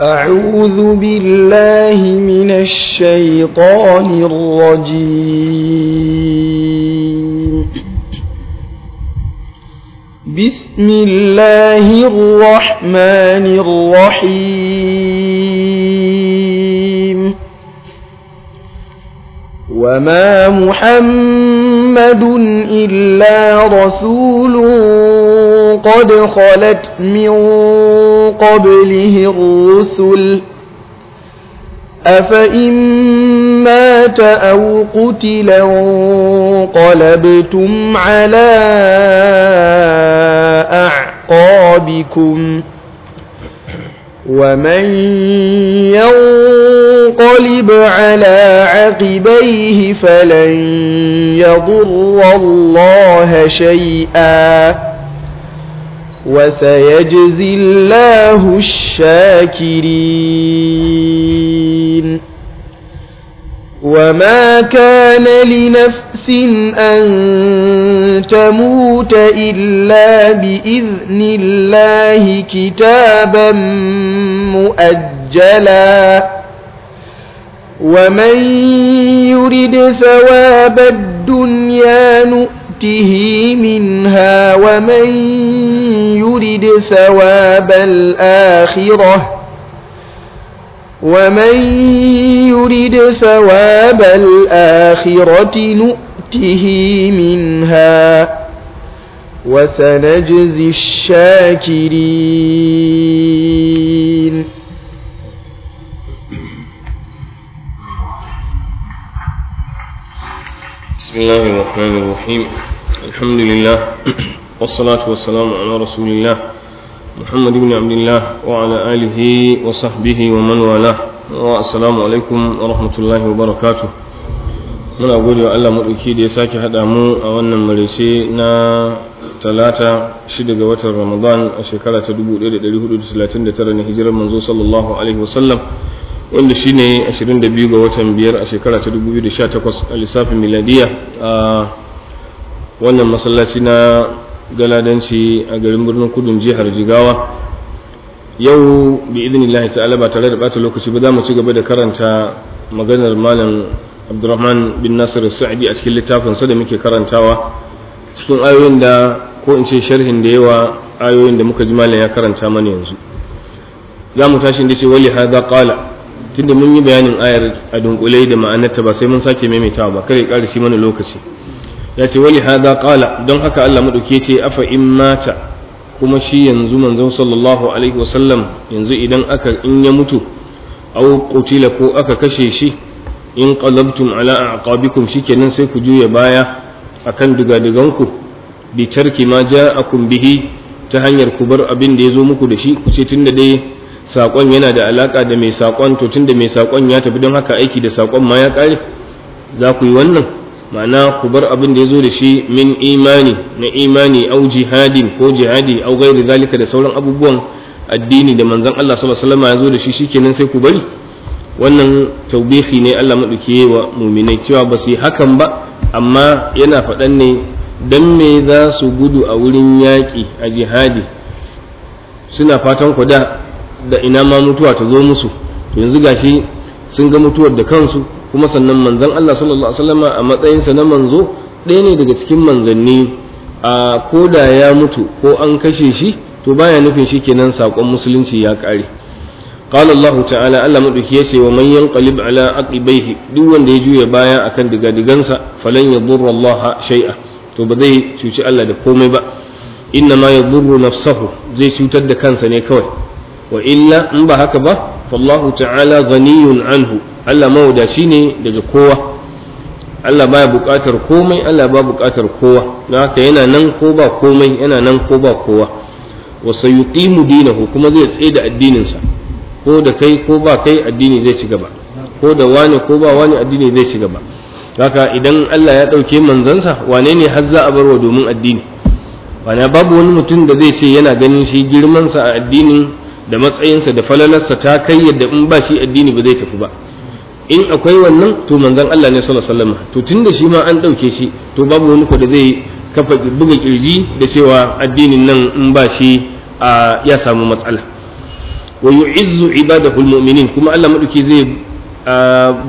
أعوذ بالله من الشيطان الرجيم بسم الله الرحمن الرحيم وما محمد إلا رسول قد خلت من قبله الرسل أفإن مات أو قتلا قلبتم على أعقابكم ومن ينقلب على عقبيه فلن يضر الله شيئا وسيجزي الله الشاكرين وما كان لنفس أن تموت إلا بإذن الله كتابا مؤجلا ومن يرد ثواب الدنيا نؤمن نؤته منها ومن يرد ثواب الآخرة ومن يرد ثواب الآخرة نؤته منها وسنجزي الشاكرين بسم الله الرحمن الرحيم الحمد لله والصلاة والسلام على رسول الله محمد بن عبد الله وعلى آله وصحبه ومن والاه عليكم ورحمة الله وبركاته gode wa Allah maɗauki da ya sake haɗa mu a wannan marece na talata shida ga watan a shekara na hijirar manzo wanda shi ne 22 ga watan biyar a shekara ta 2018 a lissafin miladiya a wannan masallaci na galadanci a garin birnin kudun jihar jigawa yau bi lahi ta'ala ba tare da bata lokaci ba za mu ci gaba da karanta maganar malam abdurrahman bin nasir sa'idi a cikin sa da muke karantawa cikin ayoyin da ko in ce sharhin da yawa ayoyin da muka ji malam ya karanta mana yanzu za mu tashi da ce wali haza qala tunda mun yi bayanin ayar a dunkule da ma'anarta ba sai mun sake maimaitawa ba kare ƙara shi mana lokaci ya ce wani hada ƙala don haka Allah maɗauke ce afa in mata kuma shi yanzu manzo sallallahu alaihi wasallam yanzu idan aka in ya mutu au qutila ko aka kashe shi in qalabtum ala aqabikum shikenan sai ku juya baya akan dugadiganku bi tarki ma ja'akum bihi ta hanyar ku bar abin da ya zo muku da shi ku ce tunda dai saƙon yana da alaƙa da mai saƙon to tunda mai saƙon ya tafi don haka aiki da saƙon ma ya ƙare za ku yi wannan ma'ana ku bar abin da ya zo da shi min imani na imani au jihadin ko jihadi au gairi zalika da sauran abubuwan addini da manzon Allah sallallahu alaihi ya zo da shi shikenan sai ku bari wannan taubihi ne Allah maɗauki wa muminai cewa ba su hakan ba amma yana faɗan ne dan me za su gudu a wurin yaƙi a jihadi suna fatan ku da da ina ma mutuwa ta zo musu to yanzu gashi sun ga mutuwar da kansu kuma sannan manzon Allah sallallahu alaihi wasallam a matsayinsa na manzo ɗaya ne daga cikin manzanni a koda ya mutu ko an kashe shi to baya nufin shi kenan sakon musulunci ya kare qala Allah ta'ala Allah madauki yace wa man yanqalib ala aqibaihi duk wanda ya juya baya akan digadigansa falan yadurra Allah shay'a to ba zai cuci Allah da komai ba inna ma yadurru nafsahu zai cutar da kansa ne kawai wa illa in ba haka ba fallahu ta'ala ghaniyun anhu Allah mawadaci ne daga kowa Allah ba ya buƙatar komai Allah ba buƙatar kowa don haka yana nan ko ba komai yana nan ko ba kowa wa sayuqimu dinahu kuma zai tsaye da addininsa ko da kai ko ba kai addini zai ci gaba ko da wani ko ba wani addini zai ci gaba haka idan Allah ya manzon manzansa wane ne har za a barwa domin addini wane babu wani mutum da zai ce yana ganin shi girman sa a addinin da matsayinsa da falalarsa ta kai yadda in ba shi addini ba zai tafi ba in akwai wannan to manzon Allah ne sallallahu alaihi wasallam to tunda shi ma an dauke shi to babu wani da zai kafa buga kirji da cewa addinin nan in ba shi ya samu matsala wa yu'izzu ibadahu almu'minin kuma Allah madauki zai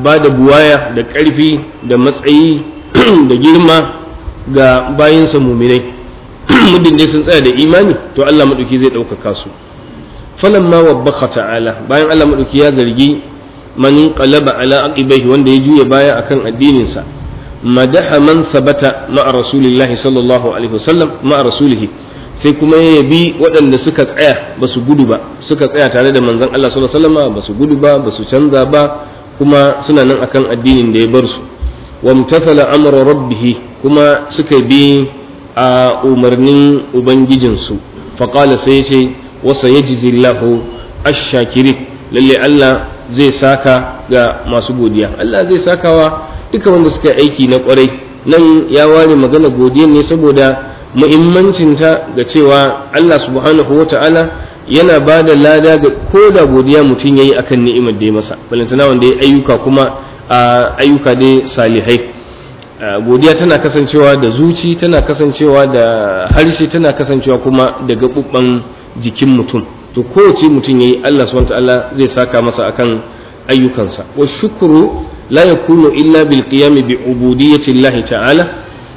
ba da buwaya da karfi da matsayi da girma ga bayinsa mu'minai muddin dai sun tsaya da imani to Allah madauki zai ɗaukaka su falamma wabbaka ta'ala bayan Allah madauki ya zargi man qalaba ala aqibaihi wanda ya juya baya akan addininsa madaha man sabata ma'a rasulillahi sallallahu alaihi wasallam ma'a rasulihi sai kuma ya yabi waɗanda suka tsaya ba su gudu ba suka tsaya tare da manzon Allah sallallahu alaihi wasallam ba su gudu ba ba su canza ba kuma suna nan akan addinin da ya bar su wamtathala amra rabbih kuma suka bi a umarnin ubangijinsu faqala sai ya ce ya sayajzillahu lahu ashakiri lalle Allah zai saka ga masu godiya Allah zai sakawa duka wanda suka aiki na kwarai nan ya ware magana godiya ne saboda muhimmancinta ga cewa Allah subhanahu wa ta'ala yana ba da lada ga ko da godiya mutum ya yi a kan ni'imar da ya masa balantana wanda ya ayyuka kuma a ayyuka dai salihai godiya tana kasancewa da zuci tana kasancewa da harshe tana kasancewa kuma da gaɓuɓɓen jikin mutum to kowace mutum ya yi Allah subhanahu Allah zai saka masa akan ayyukansa wa shukru la yakunu illa bil qiyam bi ubudiyyati Allah ta'ala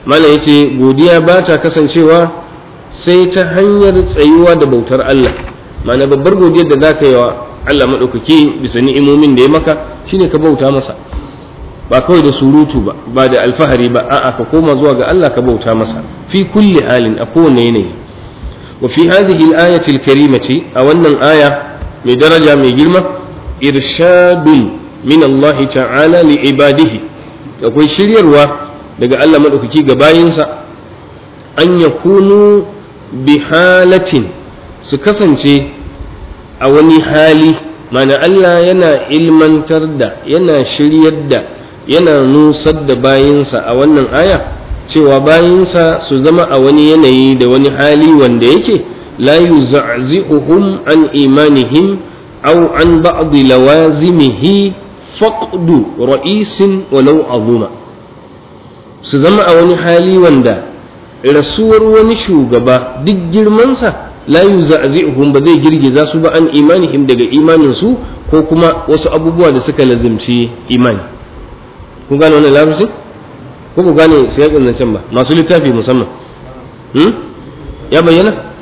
mala yace godiya ba ta kasancewa sai ta hanyar tsayuwa da bautar Allah mana babbar godiyar da zaka yi wa Allah madaukaki bisa ni'imomin da ya maka shine ka bauta masa ba kawai da surutu ba ba da alfahari ba a'a ka koma zuwa ga Allah ka bauta masa fi kulli halin a kowane yanayi wa fi hadhihi al-ayati al-karimati a wannan aya mai daraja mai girma irshadun min Allah ta'ala li ibadihi akwai shiryarwa daga Allah madaukaki ga bayinsa an yakunu bi halatin su kasance a wani hali mana Allah yana ilmantar da yana shiryar da yana nusar da bayinsa a wannan aya cewa bayansa su zama a wani yanayi da wani hali wanda yake la yuza'zi'uhum an imanihim aw an ba'd lawazimihi faqdu ra'isin walau azuma su zama a wani hali wanda rasuwar wani shugaba duk girmansa la yuza'zi'uhum ba zai girgiza su ba an imanihim daga imanin su ko kuma wasu abubuwa da suka lazimci imani kun gane wannan lafazin ko ku gane siyakin can ba masu littafi musamman hmm? ya bayyana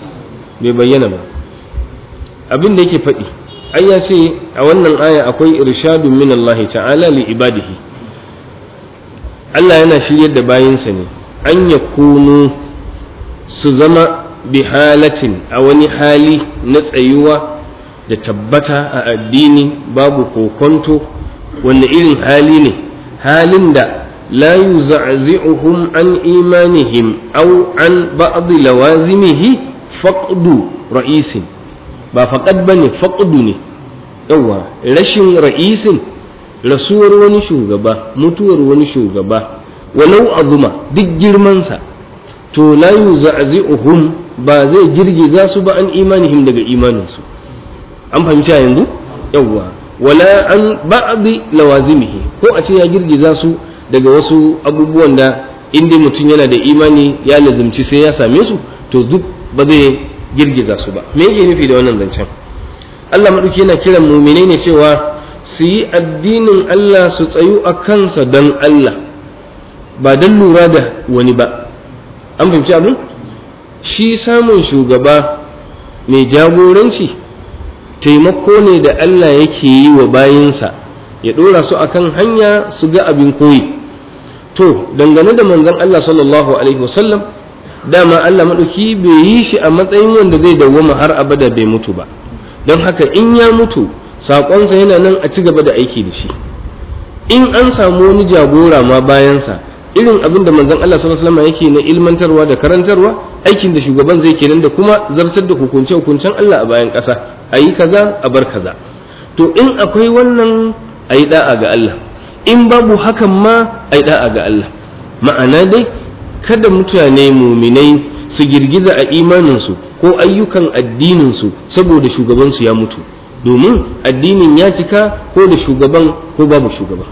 bai bayyana ba abin da yake faɗi ai ya ce a wannan aya akwai irshadun min Allah ta'ala li ibadihi Allah yana shiryar da bayinsa ne an ya kunu su zama bi halatin a wani hali na tsayuwa da tabbata a addini babu kokonto wanne irin hali ne halin da لا يزعزعهم عن إيمانهم أو عن بعض لوازمه فقد رئيس با فقد بني فقد ني رشن رئيس rasuwar wani shugaba mutuwar wani shugaba a azuma duk girmansa to layu yuzazi'uhum ba zai girgiza su ba an imanihim daga imaninsu an fahimci yanzu yawwa wala an ba'di lawazimihi ko a ce ya girgiza su daga wasu abubuwan da inda mutum yana da imani ya lazimci sai ya same su to duk ba zai girgiza su ba me yake nufi da wannan zancen Allah maɗauki yana kiran muminai ne cewa su yi addinin Allah su tsayu a kansa don Allah ba don lura da wani ba an fahimci abin shi samun shugaba mai jagoranci taimako ne da Allah yake yi wa bayinsa ya ɗora su akan hanya su ga abin koyi to dangane da manzon Allah sallallahu alaihi wasallam dama Allah madauki bai yi shi a matsayin wanda zai dawwama har abada bai mutu ba don haka in ya mutu saƙonsa yana nan a ci gaba da aiki da shi in an samu wani jagora ma bayansa irin abin da manzon Allah sallallahu alaihi wasallam yake na ilmantarwa da karantarwa aikin da shugaban zai kenan da kuma zartar da hukunce hukuncen Allah a bayan ƙasa ayi kaza a bar kaza to in akwai wannan ayi da'a ga Allah in babu hakan ma ai da'a ga Allah ma'ana dai kada mutane muminai su girgiza a imaninsu ko ayyukan addininsu saboda shugabansu ya mutu domin addinin ya cika ko da shugaban ko babu shugaban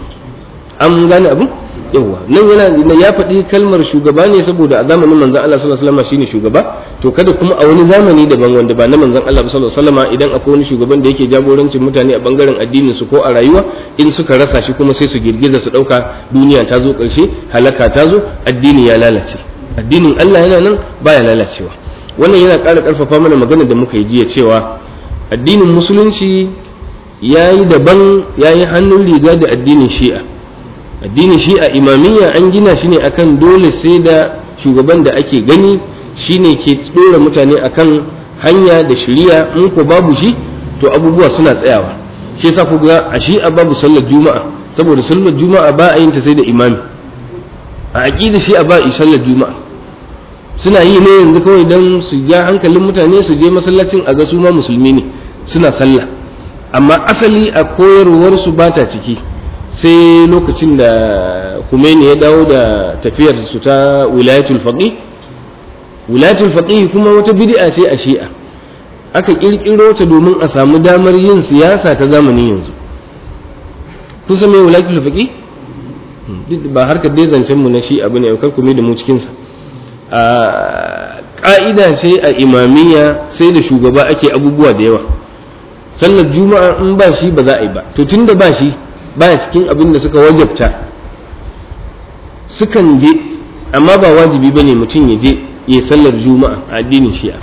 an gane abin yawa nan yana ya faɗi kalmar shugaba ne saboda a zamanin manzon Allah sallallahu alaihi wasallam shine shugaba to kada kuma a wani zamani daban wanda ba na manzon Allah sallallahu alaihi wasallam idan akwai wani shugaban da yake jagorancin mutane a bangaren addinin su ko a rayuwa in suka rasa shi kuma sai su girgiza su dauka duniya ta zo karshe halaka ta zo addini ya lalace addinin Allah yana nan baya lalacewa wannan yana ƙara ƙarfafa mana magana da muka yi jiya cewa addinin musulunci yayi daban ya yi hannun riga da addinin shi'a Addini shi a imamiyya an gina shi ne akan dole sai da shugaban da ake gani shi ne ke dora mutane akan hanya da shirya in ko babu shi to abubuwa suna tsayawa shi yasa ku ga a shi a babu sallar juma'a saboda sallar juma'a ba a yin ta sai da imami a da shi a ba a sallar juma'a suna yi ne yanzu kawai dan su ja hankalin mutane su je masallacin a ga su ma musulmi ne suna sallah amma asali a koyarwarsu su bata ciki sai lokacin da kumeni ya dawo da tafiyar su ta wilayatul faqih wilayatul faqih kuma wata bid'a ce a shi'a aka kirkiro ta domin a samu damar yin siyasa ta zamani yanzu kun san me wilayatul faqih ba harkar dai zancen mu na shi'a bane kar ku mai da mu cikin a ka'ida ce a imamiyya sai da shugaba ake abubuwa da yawa sallar juma'a in ba shi ba za a yi ba to tunda ba shi baya cikin abin da suka wajabta sukan je amma ba wajibi ba ne mutum ya je ya sallar juma'a a addinin shi'a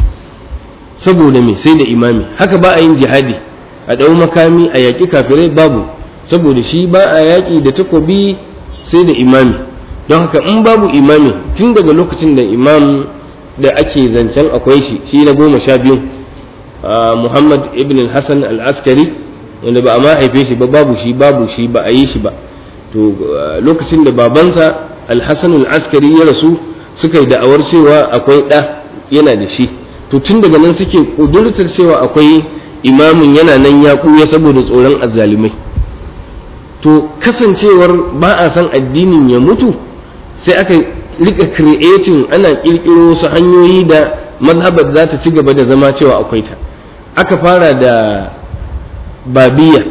saboda me sai da imami haka ba a yin jihadi a ɗau makami a yaƙi kafirai babu saboda shi ba a yaƙi da takobi sai da imami don haka in babu imami tun daga lokacin da imam da ake zancen akwai shi shi na goma sha biyu ah, muhammad ibn hassan al-askari wanda ba a ma shi ba babu shi babu shi ba a yi shi ba to lokacin da babansa alhassan askari ya rasu suka yi da'awar cewa akwai ɗa yana da shi to tun daga nan suke ƙudurtar cewa akwai imamin yana nan ya ya saboda tsoron azzalumai to kasancewar ba a san addinin ya mutu sai aka rika creating ana ƙirƙiro su hanyoyi da mazhabar za ta ci gaba da zama cewa akwai ta aka fara da babiya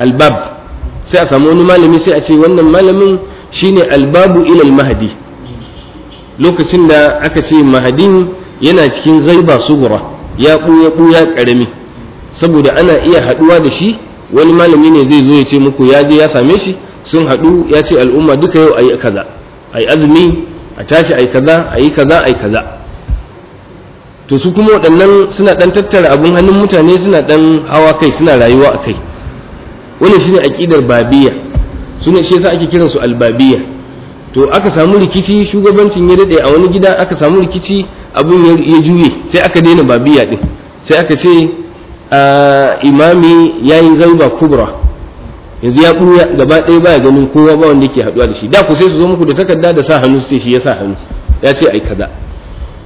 albab sai a samu wani malami sai a ce wannan malamin shine albabu ilal mahadi lokacin da aka ce mahadin yana cikin ghaiba sugura ya ɓuya ɓuya ƙarami saboda ana iya haɗuwa da shi wani malami ne zai zo ya ce muku ya je ya same shi sun haɗu ya ce al'umma duka yau ayi kaza a azumi a tashi a kaza a yi kaza a kaza to su kuma waɗannan suna ɗan tattara abin hannun mutane suna ɗan hawa kai suna rayuwa a kai wannan shine aƙidar babiya su ne shi yasa ake kiransu albabiya to aka samu rikici shugabancin ya daɗe a wani gida aka samu rikici abin ya juye sai aka daina babiya ɗin sai aka ce imami ya yi zalba kubra yanzu ya ɓuya gaba ɗaya baya ganin kowa ba wanda yake haɗuwa da shi da ku sai su zo muku da takarda da sa hannu sai shi ya sa hannu ya ce ai kaza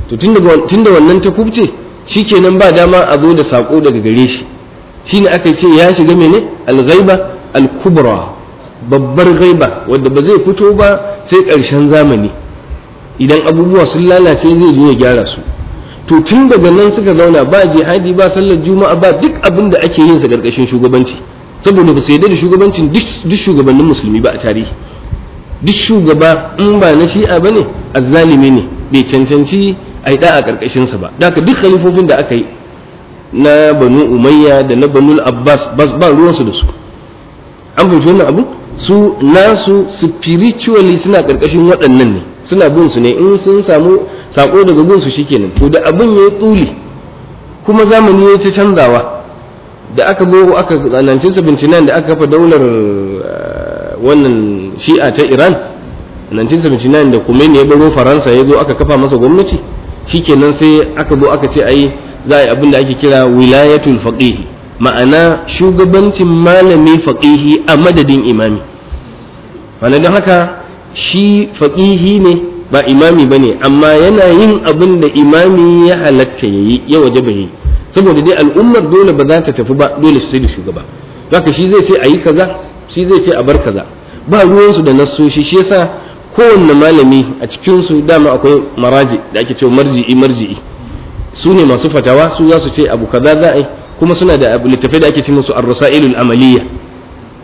to tunda wannan ta kubce shikenan ba dama a zo da sako daga gare shi shine aka ce ya shiga mene al-ghaiba al-kubra babbar ghaiba wanda ba zai fito ba sai ƙarshen zamani idan abubuwa sun lalace zai zo ya gyara su to tun daga nan suka zauna ba jihadi ba sallar juma'a ba duk abin da ake yin sa ƙarƙashin shugabanci saboda ba su yarda da shugabancin duk shugabannin musulmi ba a tarihi duk shugaba in ba na shi'a bane azzalimi ne bai cancanci a yi ɗa a ƙarƙashinsa ba da duk khalifofin da aka yi na banu umayya da na banu abbas ba ruwansu da su an fahimci wannan abu su nasu spiritually suna ƙarƙashin waɗannan ne suna bin su ne in sun samu saƙo daga bin su shikenan to da abin ya tsuli kuma zamani ya ta canzawa da aka go aka 1979 da aka kafa daular eh, wannan shi'a ta iran 1979 da kuma ne ya baro faransa ya zo aka kafa masa gwamnati shikenan sai aka zo aka ce ai za a yi abin da ake kira wilayatul faqih ma'ana shugabancin malami faqihi a madadin imami Wannan don haka shi faqihi ne ba imami bane amma yana yin abin da imami ya halatta yayi ya waje yi saboda dai al'ummar dole ba za ta tafi ba dole su sai da shugaba haka shi zai ce a yi kaza shi zai ce a bar kaza ba ruwansu da nassoshi shi yasa kowanne malami a cikinsu dama akwai maraji da ake cewa marji'i marji'i su ne masu fatawa su za su ce abu kaza za a yi kuma suna da littattafai da ake ce musu ar amaliya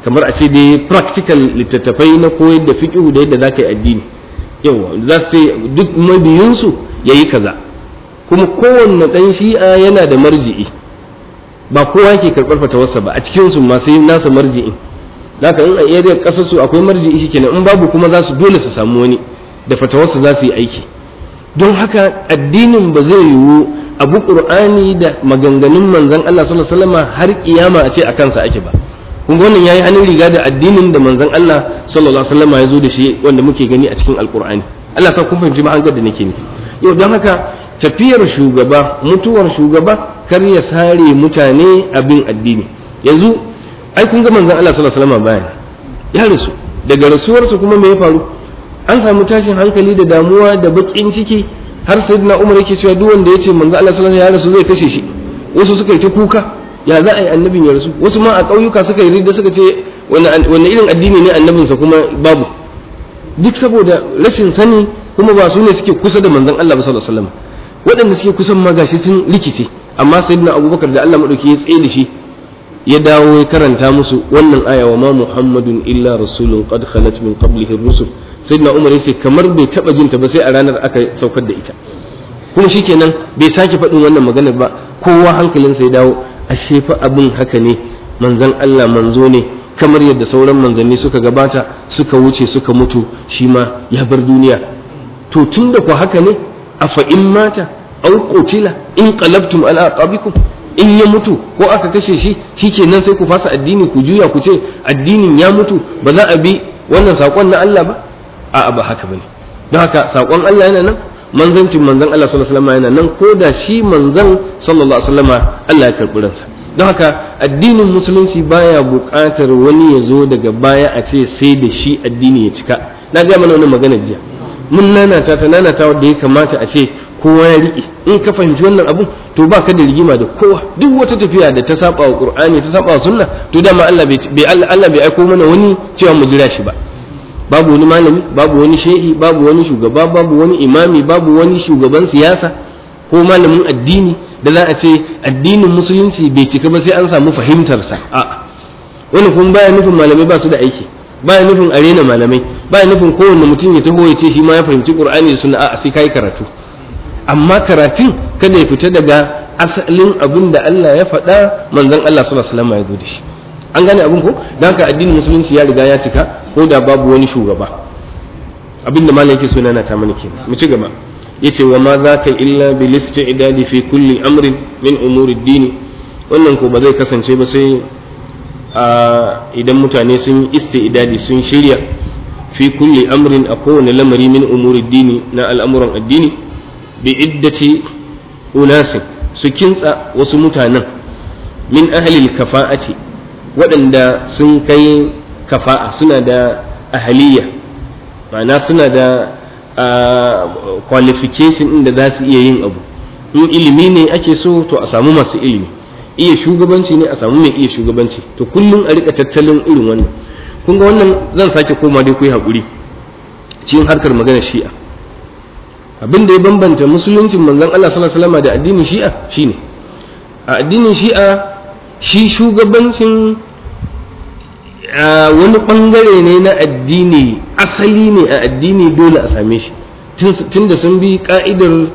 kamar a ce dai practical littattafai na koyar da fiqhu da yadda za ka yi addini yawa za su ce duk mabiyinsu ya yi kaza kuma kowanne ɗan shi'a yana da marji'i ba kowa ke karɓar fatawarsa ba a cikinsu masu yin nasa marji'in zaka in a area kasar su akwai shi kenan in babu kuma za su dole su samu wani da fatawarsu za su yi aiki don haka addinin ba zai yiwu abu qur'ani da maganganun manzon Allah sallallahu alaihi wasallam har kiyama a ce a kansa ake ba kun ga wannan yayi hannun riga da addinin da manzon Allah sallallahu alaihi wasallam ya zo da shi wanda muke gani a cikin alqur'ani Allah sa kun fahimci ma an ga da nake ni yau don haka tafiyar shugaba mutuwar shugaba kar ya sare mutane abin addini yanzu ai kun ga manzon Allah sallallahu alaihi wasallam bayan ya rasu daga rasuwarsa kuma me ya faru an samu tashin hankali da damuwa da bakin ciki har sayyidina Umar yake cewa duk wanda yace manzon Allah sallallahu alaihi wasallam ya rasu zai kashe shi wasu suka yi ta kuka ya za a yi annabin ya rasu wasu ma a ƙauyuka suka yi ridda suka ce wani irin addini ne annabinsa kuma babu duk saboda rashin sani kuma ba su ne suke kusa da manzon Allah sallallahu alaihi wasallam waɗanda suke kusan ma gashi sun rikice amma sayyidina Abubakar da Allah madauki ya tsaye da shi ya dawo ya karanta musu wannan aya wa ma muhammadun illa rasulun qad khalat min qablihi rusul sayyidina umar yace kamar bai taba jinta ba sai a ranar aka saukar da ita kuma shikenan bai sake faɗin wannan maganar ba kowa hankalinsa ya dawo ashe fa abin haka ne manzon Allah manzo ne kamar yadda sauran manzanni suka gabata suka wuce suka mutu shi ma ya bar duniya to tunda ku haka ne afa in mata aw qutila in qalabtum ala aqabikum in ya mutu ko aka kashe shi shi nan sai ku fasa addini ku juya ku ce addinin ya mutu ba za a bi wannan saƙon na Allah ba a'a ba haka bane don haka saƙon Allah yana nan manzancin manzan Allah sallallahu alaihi wasallam yana nan ko da shi manzan sallallahu alaihi wasallam Allah ya karɓi ransa don haka addinin musulunci baya buƙatar wani ya zo daga baya a ce sai da shi addini ya cika na ga mana wani magana jiya mun nanata ta nanata ya kamata a ce kowa ya riƙe in ka fahimci wannan abun to ba ka da rigima da kowa duk wata tafiya da ta saba wa qur'ani ta saba wa sunna to dama Allah bai Allah bai aiko mana wani cewa mu jira shi ba babu wani malami babu wani shehi babu wani shugaba babu wani imami babu wani shugaban siyasa ko malamin addini da za a ce addinin musulunci bai cika ba sai an samu fahimtarsa a'a wani kun baya nufin malamai ba su da aiki baya nufin arena malamai baya nufin kowanne mutum ya taho ya ce shi ma ya fahimci qur'ani da sunna a'a sai kai karatu amma karatun kada ya fita daga asalin abin da Allah ya faɗa manzon Allah sallallahu alaihi wasallam ya zo da shi an gane abin ko dan ka addinin musulunci ya riga ya cika ko da babu wani shugaba abin da malam yake so na ta mana kenan mu ci gaba yace wa ma ka illa bil istidadi fi kulli amrin min umuri dini wannan ko ba zai kasance ba sai idan mutane sun yi istidadi sun shirya fi kulli amrin a kowane lamari min umuri dini na al'amuran addini bi iddati unasin su kintsa wasu mutanen min ahalil kafa'ati waɗanda sun kai kafa'a suna da ahaliya ma'ana suna da qualification inda za su iya yin abu in ilimi ne ake so to a samu masu ilimi iya shugabanci ne a samu mai iya shugabanci to kullum a rika tattalin irin wannan kun ga wannan zan sake koma dai ku yi haƙuri cikin harkar maganar shi'a abin da ya bambanta musuluncin manzon Allah sallallahu alaihi wasallam da addinin shi'a shine a addinin shi'a shi shugabancin wani bangare ne na addini asali ne a addini dole a same shi tunda sun bi ka'idar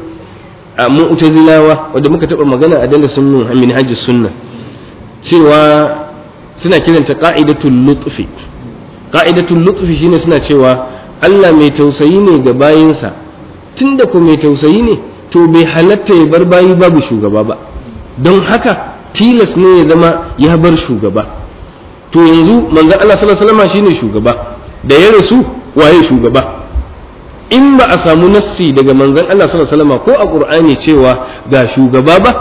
mu'tazilawa wanda muka taba magana a dalilin sunnun min hajji sunna cewa suna kiranta ka'idatul lutfi ka'idatul lutfi shine suna cewa Allah mai tausayi ne ga bayinsa tun da ku mai tausayi ne to bai halatta ya bar bayi babu shugaba ba don haka tilas ne ya zama ya bar shugaba to yanzu manzan Allah sallallahu alaihi wasallam shine shugaba da ya rasu waye shugaba in ba a samu nassi daga manzan Allah sallallahu alaihi ko a Qur'ani cewa ga shugaba ba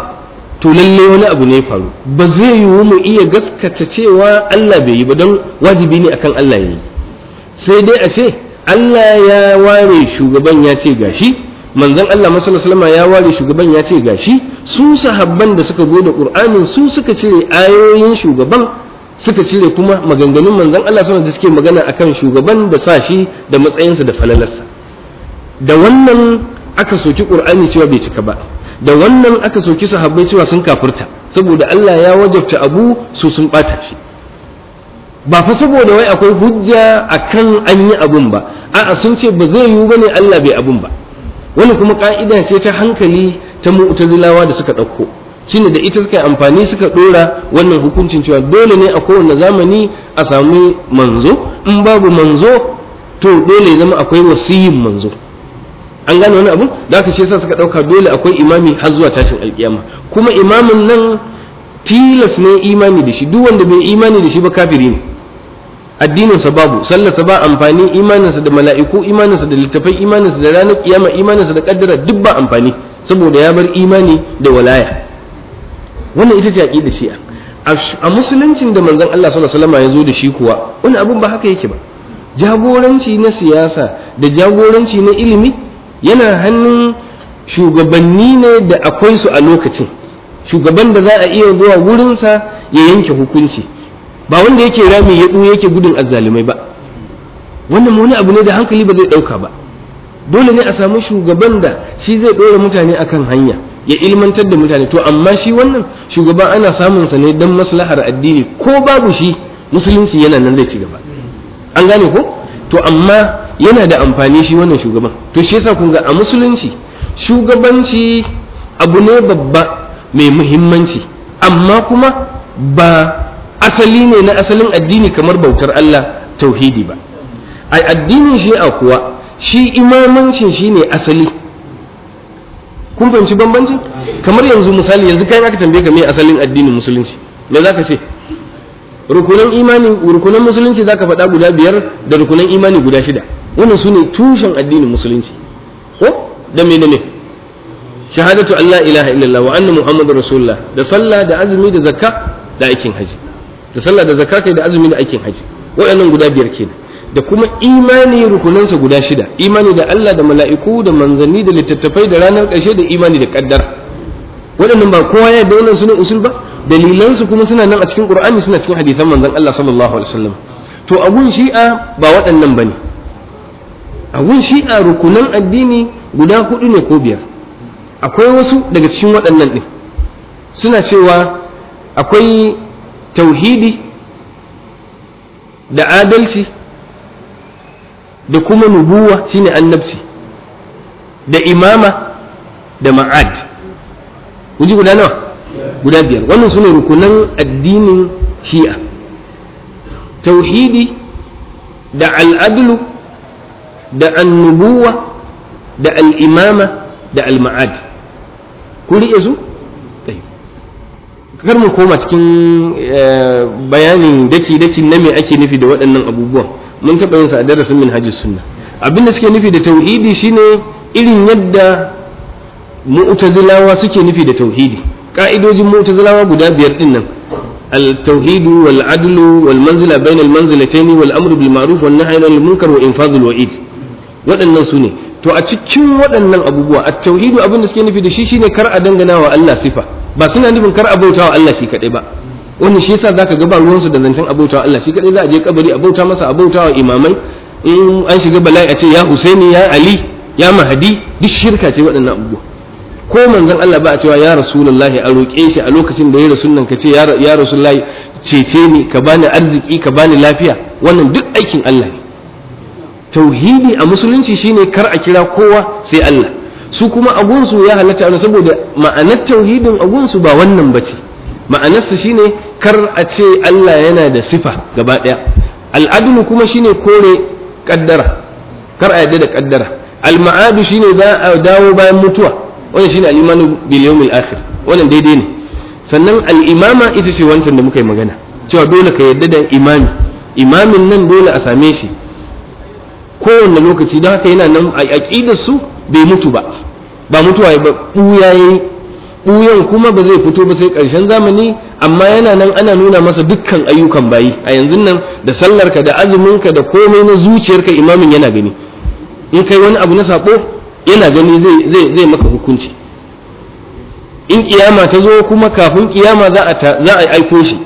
to lalle wani abu ne faru ba zai yiwu mu iya gaskata cewa Allah bai yi ba don wajibi ne akan Allah ya yi sai dai a ce Allah ya ware shugaban ya ce gashi manzon Allah masalama ya ware shugaban ya ce gashi su sahabban da suka zo da su suka cire ayoyin shugaban suka cire kuma maganganun manzon Allah sallallahu da suke magana akan shugaban da sa shi da matsayinsa da falalarsa da wannan aka soki Qur'ani cewa bai cika ba da wannan aka soki sahabbai cewa sun kafirta saboda Allah ya wajabta abu su sun bata shi ba fa saboda wai akwai hujja akan an yi abun ba a'a sun ce ba zai yiwu ne Allah bai abun ba wani kuma ka'ida ce ta hankali ta mu'tazilawa da suka ɗauko shine da ita suka yi amfani suka ɗora wannan hukuncin cewa dole ne a kowane zamani a samu manzo in babu manzo to dole ya zama akwai wasiyin manzo an gane wani abu da aka shi suka ɗauka dole akwai imami har zuwa tashin alƙiyama kuma imamin nan tilas ne imani da shi duk wanda bai imani da shi ba kafiri ne addininsa babu sallarsa ba amfani imaninsa da mala'iku imaninsa da littafai imaninsa da ranar kiyama imaninsa da kaddara duk ba amfani saboda ya bar imani da walaya wannan ita ce aqida shi'a a musuluncin da manzon Allah sallallahu alaihi wasallam ya zo da shi kuwa wani abun ba haka yake ba jagoranci na siyasa da jagoranci na ilimi yana hannun shugabanni ne da akwai su a lokacin shugaban da za a iya zuwa wurinsa ya yanke hukunci ba wanda yake rami ya ɗu yake gudun azzalumai ba wannan wani abu ne da hankali ba zai ɗauka ba dole ne a samu shugaban da shi zai ɗora mutane akan hanya ya ilmantar da mutane to amma shi wannan shugaban ana samun sa ne don maslahar addini ko babu shi musulunci yana nan zai ci gaba an gane ko to amma yana da amfani shi wannan shugaban to shi yasa kun ga a musulunci shugabanci abu ne babba mai muhimmanci amma kuma ba asali ne na asalin addini kamar bautar Allah tauhidi ba a addinin shi'a kuwa shi imamancin shi ne asali kun fahimci bambancin kamar yanzu misali yanzu kai aka tambaye ka me asalin addinin musulunci me zaka ce rukunan imani rukunan musulunci zaka faɗa guda biyar da rukunan imani guda shida wannan sune tushen addinin musulunci ko da me da me shahadatu Allah ilaha illallah wa anna muhammadur rasulullah da sallah da azumi da zakka da aikin haji da sallah da zakata da azumi da aikin haji waɗannan guda biyar kenan da kuma imani rukunansa guda shida imani da Allah da mala'iku da manzanni da littattafai da ranar ƙarshe da imani da ƙaddara waɗannan ba kowa ya da wannan sunan usul ba dalilansu kuma suna nan a cikin Qur'ani suna cikin hadisan manzon Allah sallallahu alaihi wasallam to abun shi'a ba waɗannan bane a shi'a rukunan addini guda hudu ne ko biyar akwai wasu daga cikin waɗannan ɗin suna cewa akwai tauhidi da adalci da kuma nubuwa shine annabci da imama da ma'ad kun guda nawa guda biyar wannan sune rukunan addinin shi'a tauhidi da al'adlu da annubuwa da al'imama da al-ma'ad kun su kar mu koma cikin eh, bayanin daki-daki na me ake nufi da waɗannan abubuwan mun taɓa yin sa a darasin min hajji suna abinda suke nufi da tauhidi shine irin yadda mu'tazilawa suke nufi da tauhidi ka'idojin mu'tazilawa guda biyar din nan التوحيد والعدل والمنزلة بين المنزلتين والأمر بالمعروف والنهي عن المنكر وإنفاذ الوعيد waɗannan su ne to a cikin waɗannan abubuwa a tauhidu abin da suke nufi da shi shine kar a dangana wa Allah sifa ba suna nufin kar a bautawa Allah shi kadai ba wannan shi yasa zaka ga ba ruwansu da zancen abautawa Allah shi kadai za a je kabari a bauta masa abautawa imamai in an shiga bala'i a ce ya Husaini ya Ali ya Mahdi duk shirka ce waɗannan abubuwa ko manzon Allah ba a cewa ya Rasulullahi a roƙe shi a lokacin da ya rasu nan ka ce ya Rasulullahi cece ni ka bani arziki ka bani lafiya wannan duk aikin Allah ne tauhidi a musulunci shine kar a kira kowa sai Allah su kuma agunsu ya halatta ana saboda ma'anar tauhidin agunsu ba wannan bace ma'anarsa shine kar a ce Allah yana da sifa gaba ɗaya al'adunu kuma shine kore kaddara kar a yadda da kaddara al-ma'adu shine za a dawo bayan mutuwa wannan shine al-imanu bil yawmil akhir wannan daidai ne sannan al-imama ita ce wancan da muka yi magana cewa dole ka yadda da imami imamin nan dole a same shi kowanne lokaci don haka yana nan a aqidar su bai mutu ba ba mutuwa ba ɓuya yi ɓuyan kuma ba zai fito ba sai ƙarshen zamani amma yana nan ana nuna masa dukkan ayyukan bayi a yanzu nan da sallarka da azuminka da komai na zuciyarka imamin yana gani in kai wani abu na sako yana gani zai maka hukunci in kiyama ta zo kuma kafin kiyama za a aiko shi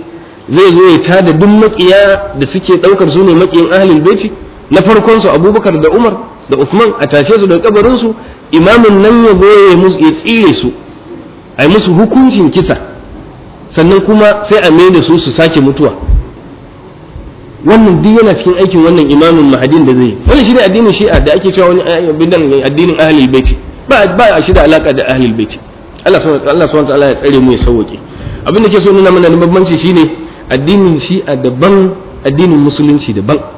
zai zo ya tada duk makiya da suke ɗaukar su ne makiyin ahalin beci na farkon su abubakar da umar da Usman a tashe su daga kabarin su imamin nan ya goye musu ya tsire su a yi musu hukuncin kisa sannan kuma sai a mai su su sake mutuwa wannan din yana cikin aikin wannan imamin mahadin da zai yi wannan shi ne addinin shi'a da ake cewa wani eh, bidan addinin ahlul baiti ba ba shi da alaka da ahlul baiti Allah Allah subhanahu ta'ala ya tsare mu ya sauke abin da ke so nuna mana bambanci shine addinin shi'a daban addinin musulunci daban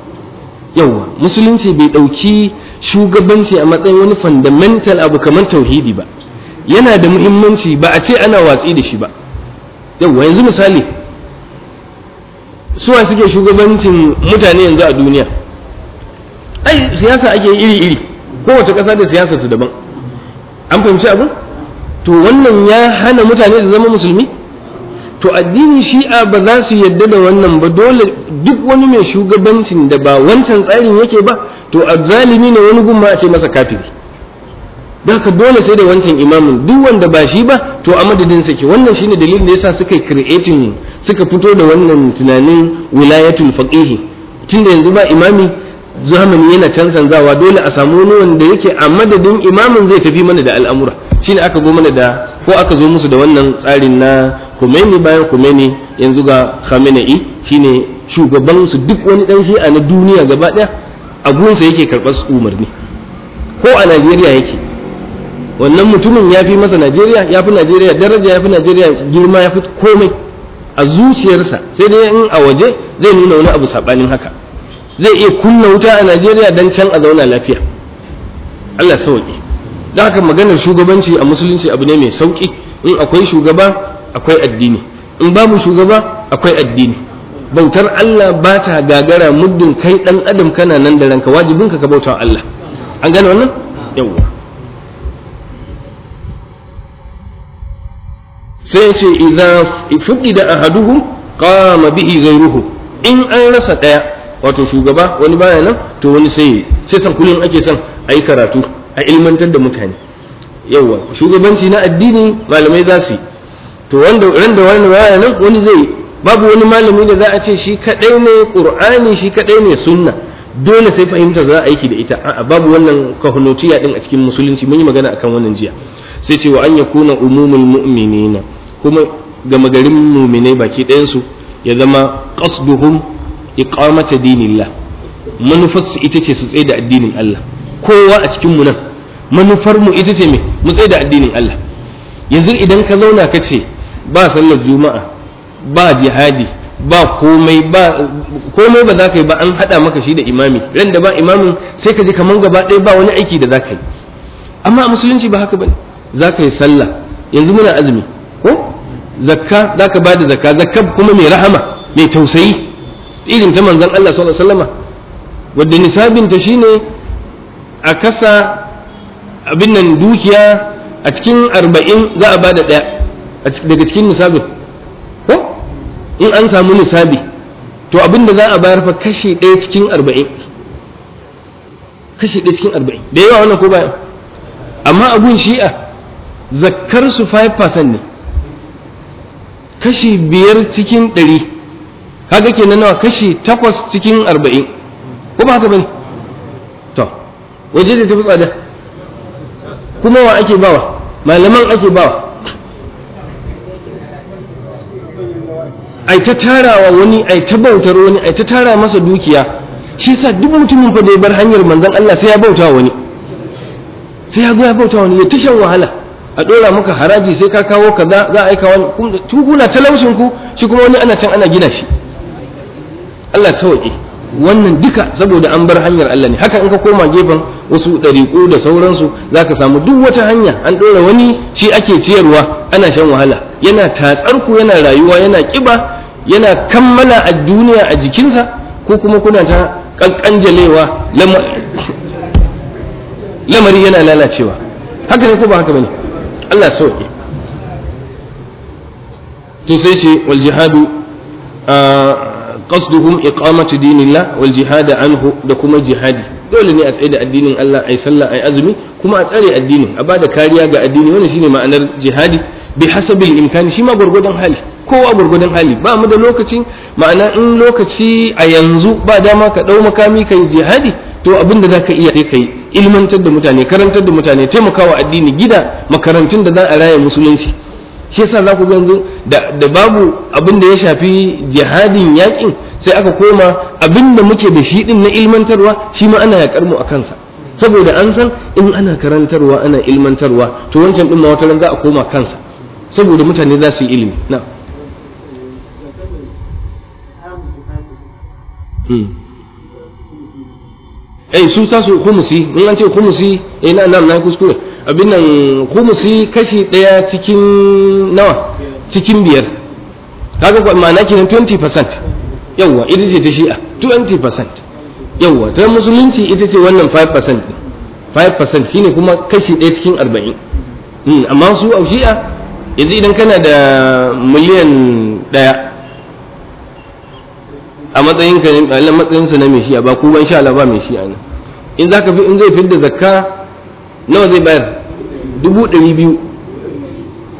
yauwa musulunci bai ɗauki shugabanci a matsayin wani fundamental abu kamar tauhidi ba yana da muhimmanci ba a ce ana watsi da shi ba yauwa yanzu misali suwa suke shugabancin mutane yanzu a duniya ai siyasa ake iri-iri kowace ƙasa da siyasa su daban an fahimci abu to wannan ya hana mutane su zama musulmi to addinin shi'a ba za su yadda da wannan ba dole duk wani mai shugabancin da ba wancan tsarin yake ba to a zalimi ne wani gumma a ce masa kafiri ka dole sai da wancan imamin duk wanda ba shi ba to a madadin sake wannan shine dalilin da ya sa suka yi creating suka fito da wannan tunanin wilayatul faqihi tunda yanzu ba imami zamani yana cancanzawa dole a samu wani wanda yake a madadin imamin zai tafi mana da al'amura shine aka zo mana da ko aka zo musu da wannan tsarin na Khomeini bayan Khomeini yanzu ga Khamenei shine shugaban su duk wani dan shi'a na duniya gaba daya a gunsa yake karɓar umarni ko a Najeriya yake wannan mutumin ya fi masa Najeriya ya fi Najeriya daraja ya fi Najeriya girma ya fi komai a zuciyarsa sai dai in a waje zai nuna wani abu saɓanin haka zai iya kunna wuta a Najeriya dan can a zauna lafiya Allah sauki don haka maganar shugabanci a musulunci abu ne mai sauki in akwai shugaba akwai addini in babu shugaba akwai addini bautar Allah ba ta gagara muddin kai dan adam kana nan da ranka wajibinka ka bauta Allah an gane wannan yawa sai ce idza fuqida ahaduhum qama bihi ghayruhu in an rasa daya wato shugaba wani baya nan to wani sai sai san kullun ake san ayi karatu a ilmantar da mutane yawa shugabanci na addini malamai za su yi to wanda wanda wani waya nan wani zai babu wani malami da za a ce shi kadai ne qur'ani shi kadai ne sunna dole sai fahimta za a aiki da ita a'a babu wannan kahunociya din a cikin musulunci mun yi magana akan wannan jiya sai ce wa an yakuna umumul mu'minina kuma gama garin mu'minai baki ɗayan su ya zama qasduhum iqamata dinillah manufarsu ita ce su tsaye da addinin Allah kowa a cikin mu nan manufar mu ita ce me mu tsaye da addinin Allah yanzu idan ka zauna kace. ba sallar juma'a ba jihadi ba komai ba komai ba za ka yi ba an haɗa maka shi da imami ran da ba imamin sai ka ji kaman gaba ɗaya ba wani aiki da za ka yi amma a musulunci ba haka bane za ka yi sallah yanzu muna azumi ko zakka za ka ba da zakka zakka kuma mai rahama mai tausayi irin ta manzon Allah sallallahu alaihi wasallama wadda nisabin ta shine a kasa abin nan dukiya a cikin arba'in za a ba da ɗaya daga cikin nisabin ko in an samu nisabi to abin da za a bayar fa kashi ɗaya cikin arba'in kashi ɗaya cikin arba'in da yawa wannan ko baya amma abun shi'a zakkar su 5% ne kashi biyar cikin ɗari kaga kenan nawa kashi takwas cikin arba'in ko ba haka bane to waje da tafi tsada kuma wa ake bawa malaman ake bawa ai ta tarawa wani ai ta bautar wani ai ta tara masa dukiya shi yasa duk mutumin fa da ya bar hanyar manzon Allah sai ya bauta wani sai ya ga ya bauta wani ya tashan wahala a dora maka haraji sai ka kawo kaza za a aika wani tun talaushin ku shi kuma wani ana can ana gina shi Allah sauke wannan duka saboda an bar hanyar Allah ne haka in ka koma gefen wasu ɗariƙu da sauransu za ka samu duk wata hanya an ɗora wani shi ake ciyarwa ana shan wahala yana tatsar ku yana rayuwa yana ƙiba yana kammala a duniya a jikinsa ko kuma kuna ta ƙanƙanjalewa lamari yana lalacewa haka ne ko ba haka bane Allah sauke to sai ce wal jihadu qasduhum iqamati dinillah wal jihad anhu da kuma jihadi dole ne a tsaye da addinin Allah ai sallah ai azumi kuma a tsare addini a ba da kariya ga addini wannan shine ma'anar jihadi bi hasabil imkani shi ma gurgudan hali kowa gurgudan hali ba mu da lokacin ma'ana in lokaci a yanzu ba dama ka dau makami kai jihadi to abin da zaka iya sai kai ilmantar da mutane karantar da mutane taimakawa addini gida makarantun da za a raya musulunci shi yasa za ku ga yanzu da babu abin da ya shafi jihadin yakin sai aka koma abinda muke da shi din na ilmantarwa shi ma ana yakar mu a kansa saboda an san in ana karantarwa ana ilmantarwa to wancan din ma wata ran za a koma kansa saboda mutane za su yi ilimi na hmm. eh su ta su khumusi in an ce khumusi eh na na na kuskure abin nan khumusi kashi daya cikin nawa cikin biyar kaga ma'ana kenan 20% yawwa ita ce ta shi'a 20% yawwa ta musulunci ita ce wannan 5% 5% shine kuma kashi ɗaya cikin 40 hmm, amma su a shi'a yanzu idan kana da miliyan ɗaya a matsayin ka ne matsayin su na mai shi'a ba kuma ban sha Allah ba mai shi'a ne in ka fi in zai fidda zakka nawa zai bayar dubu ɗari biyu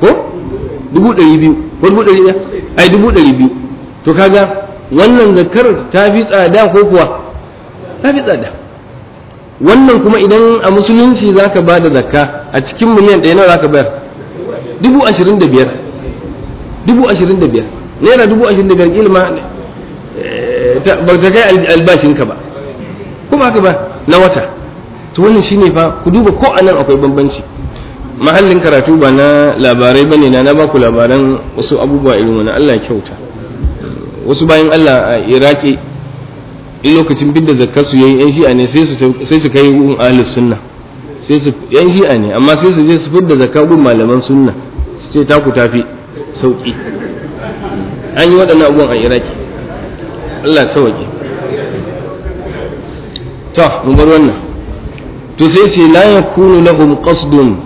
ko dubu ɗari biyu ko dubu ɗari ɗaya ai dubu ɗari biyu to kaga wannan zakar ta fi tsada ko kuwa ta fi tsada wannan kuma idan a musulunci za ka ba da zakka a cikin miliyan ɗaya nawa za ka bayar dubu ashirin da biyar dubu ashirin da biyar naira dubu ashirin da biyar ilma eh, ba ta kai albashinka ba kuma haka ba na wata to wannan shine fa ku duba ko anan akwai bambanci mahallin karatu ba na labarai bane na na ku labaran wasu abubuwa irin wani Allah kyauta wasu bayan Allah a iraki in lokacin bin da zakka su yayi yan shi'a ne sai su kai gun ahli sunna sai su yan shi'a ne amma sai su je su fidda zakka gun malaman sunna su ce taku tafi sauki an yi waɗannan abubuwan a iraki Allah sauki To mu bar wannan to sai ce la yakunu lahum qasdun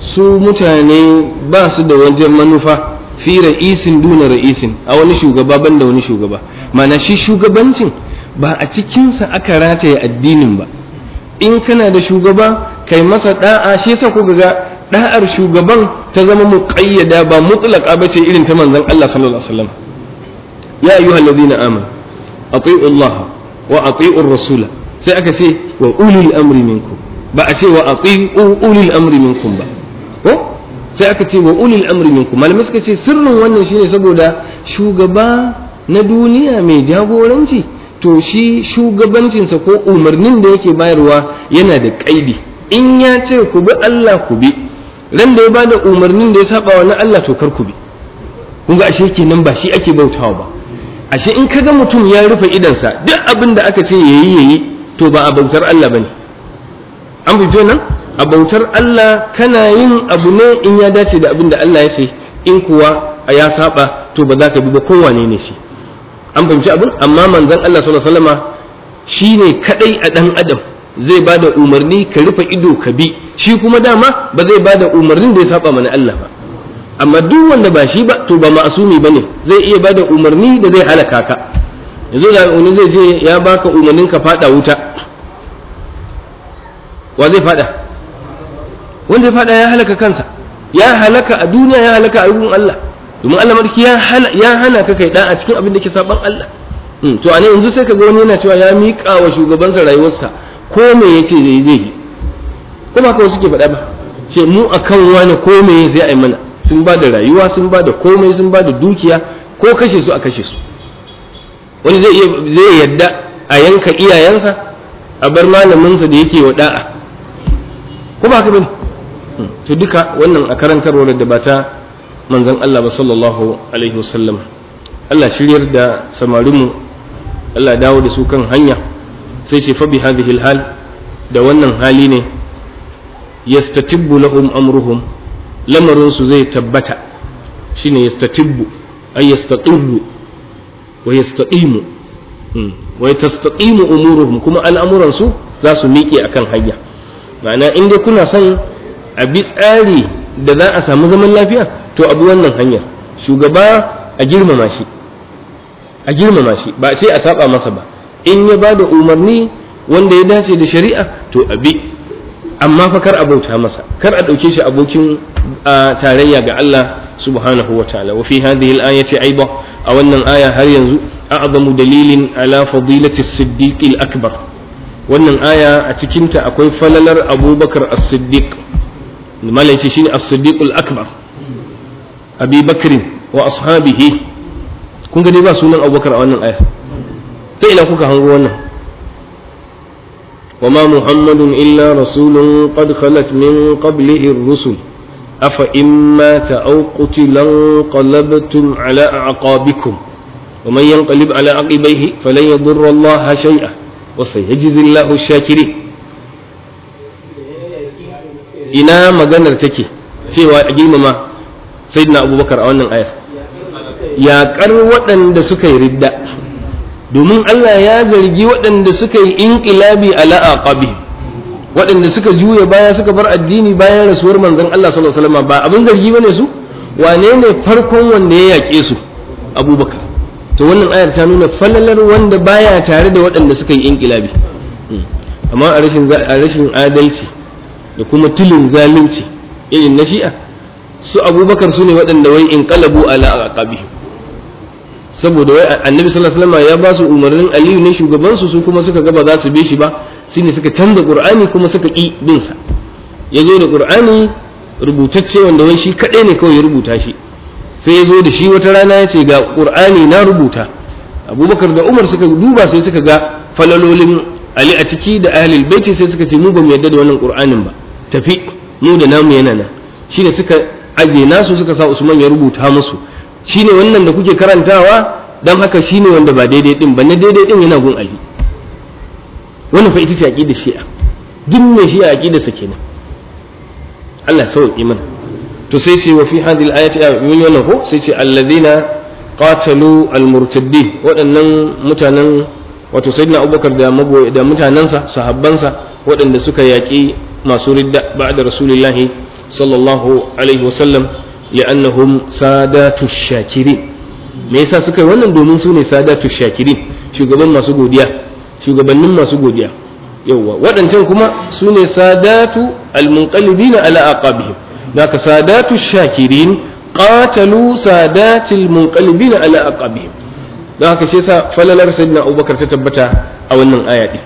su mutane ba su da wajen manufa fi ra'isin duna ra'isin a wani shugaba ban da wani shugaba mana shi shugabancin ba a cikinsa aka rataye addinin ba in kana da shugaba kai masa da'a shi yasa ku ga da'ar shugaban ta zama muqayyada ba mutlaqa bace ce irin ta manzon Allah sallallahu alaihi wasallam ya ayyuhal ladina amanu atii'u Allah wa rasula sai aka ce wa ulil amri minkum ba a ce wa atii'u ulil amri minkum ba ko sai aka ce wa ulil amri minkum malamai suka ce sirrin wannan shine saboda shugaba na duniya mai jagoranci to shi shugabancinsa ko umarnin da yake bayarwa yana da kaidi in ya ce ku bi Allah ku bi ran da ya bada umarnin da ya saba wa na Allah to kar ku bi kun ga ashe kenan ba shi ake bautawa ba ashe in kaga mutum ya rufe idansa duk abin da aka ce yayi yayi to ba a bautar Allah bane an fito nan a bautar Allah kana yin abu ne in ya dace da abin da Allah ya sai in kuwa a ya saba to ba za ka bi ba wane ne shi an fahimci abin amma manzon Allah sallallahu alaihi wasallama shine kadai a ɗan adam zai ba da umarni ka rufe ido ka bi shi kuma dama ba zai ba da umarnin da ya saba mana Allah ba amma duk wanda ba shi ba to ba ma'asumi ba ne zai iya ba da umarni da zai halaka ka yanzu da wani zai ce ya baka umarnin ka fada wuta wa zai fada wanda ya fada ya halaka kansa ya halaka a duniya ya halaka a gurin Allah domin Allah madaki ya hana ya hana ka kai dan a cikin abin da ke saban Allah hmm, to a ne yanzu sai ka ga wani yana cewa ya miƙa wa shugabansa rayuwarsa ko me yace zai zai yi ko ba kawai suke faɗa ba ce mu akan wani ko me zai ai mana sun ba da rayuwa sun ba da komai sun ba da dukiya ko kashe su a kashe su wani zai zai yadda a yanka iyayensa a bar malaminsa da yake wa da'a ko ba ka bane to duka wannan a karantarwar da ba ta manzon Allah ba sallallahu alaihi wasallam Allah shiryar da samarinmu Allah dawo da su kan hanya sai shi fa bi hadhihi hal da wannan hali ne yastatibbu lahum amruhum lamarin su zai tabbata shine yastatibbu ay yastaqillu wa yastaqimu hmm, wa yastaqimu umuruhum kuma al'amuran su za su miƙe akan hanya ma'ana in dai kuna son a bi tsari da za a samu zaman lafiya to a bi wannan hanyar shugaba a girmama shi a girmama shi ba sai a saba masa ba in ya ba da umarni wanda ya dace da shari'a to a bi amma fa kar a bauta masa kar a ɗauke shi abokin tarayya ga Allah subhanahu wa ta'ala wa fi hadhihi al-ayati aiba a wannan aya har yanzu a'zamu dalilin ala fadilati as-siddiq al-akbar wannan aya a cikinta akwai falalar abubakar as-siddiq malai ce shi ne as-siddiq al-akbar abubakar wa ashabihi kun gani ba sunan abubakar a wannan aya sai ina kuka hango wannan wa muhammadun illa rasulun qad khalat min qablihi ar-rusul afa imma ta'uqti lan qalabtum ala aqabikum wa man yanqalib ala aqibaihi falan yadurra allaha shay'an wa sayyajizi shakiri ina maganar take cewa a girmama sayyidina Abubakar a wannan ayar yaƙar waɗanda suka yi ridda domin Allah ya zargi waɗanda suka yi inqilabi ala aqabi waɗanda suka juya baya suka bar addini bayan rasuwar manzon Allah sallallahu alaihi wasallam ba abin zargi bane su wane ne farkon wanda ya yaƙe su Abubakar to wannan ayar ta nuna falalar wanda baya tare da waɗanda suka yi inkilabi hmm. amma a rashin adalci da kuma tilin zalunci irin na shi'a su abubakar su ne waɗanda wai in kalabu ala aqabi saboda wai annabi sallallahu alaihi wasallam ya ba su umarnin aliyu ne shugaban su su kuma suka gaba za su bi shi ba shine suka canza qur'ani kuma suka ki bin sa yazo da qur'ani rubutacce wanda wai shi kadai ne kawai ya rubuta shi sai ya zo da shi wata rana ya ce ga ƙur'ani na rubuta abubakar da umar suka duba sai suka ga falalolin ali a ciki da ahlul baiti sai suka ce mu ba mu yadda da wannan ƙur'anin ba tafi mu da namu yana nan shi ne suka aje nasu suka sa usman ya rubuta musu shi ne wannan da kuke karantawa don haka shi ne wanda ba daidai din ba na daidai din yana gun ali wannan fa ita ce aƙidar shi'a duk mai shi'a aƙidarsa kenan Allah sauƙi mana to sai sai wa fi hadhihi al-ayati ah, mun wannan ko sai ce alladhina qatalu al waɗannan mutanen wato sayyidina abubakar da mabo da mutanansa sahabbansa waɗanda suka yaƙi masu ridda ba'da rasulillahi sallallahu alaihi wa wasallam li'annahum sadatu shakirin me yasa suka yi wannan domin su ne sadatu shakirin shugaban masu godiya shugabannin masu godiya yawwa waɗancan kuma su ne sadatu al-munqalibina ala aqabihim da ka sadatu shakirin qatalu sadatil munqalibin ala aqabihim don ka shi sa falalar sayyidina abubakar ta tabbata a wannan aya din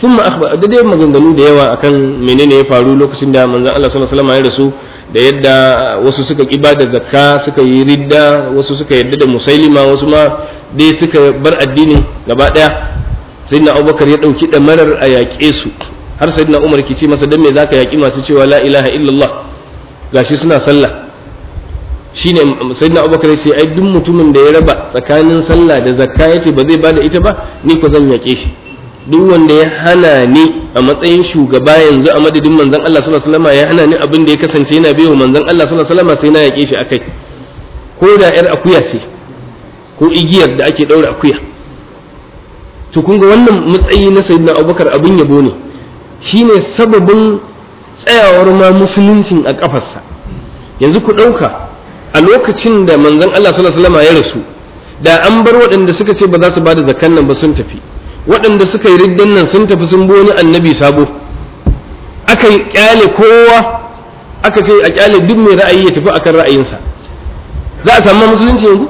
sun ma akhbar da dai maganganu da yawa akan menene ya faru lokacin da manzon Allah sallallahu alaihi wasallam ya rasu da yadda wasu suka ibada zakka suka yi ridda wasu suka yadda da musailima wasu ma dai suka bar addini gaba daya sayyidina abubakar ya dauki damarar a yaƙe su har sayyidina umar ki ce masa dan me zaka yaƙi masu cewa la ilaha illallah gashi suna sallah shine sayyidina abubakar sai ai duk mutumin da ya raba tsakanin sallah da zakka yace ba zai bada ita ba ni ko zan yake shi duk wanda ya hana ni a matsayin shugaba yanzu a madadin manzon Allah sallallahu alaihi wasallam ya hana ni abin da ya kasance yana biyo manzon Allah sallallahu alaihi wasallam sai na yake shi akai ko da yar akuya ce ko igiyar da ake daura akuya to kun ga wannan matsayi na sayyidina abubakar abin yabo ne shine sababin tsayawar ma musuluncin a kafarsa yanzu ku ɗauka a lokacin da manzon Allah sallallahu alaihi ya rasu da an bar waɗanda suka ce ba za su bada zakan nan ba sun tafi waɗanda suka yi riddan nan sun tafi sun boni annabi sabo aka yi kyale kowa aka ce a kyale duk mai ra'ayi ya tafi akan ra'ayinsa za a samu musulunci yanzu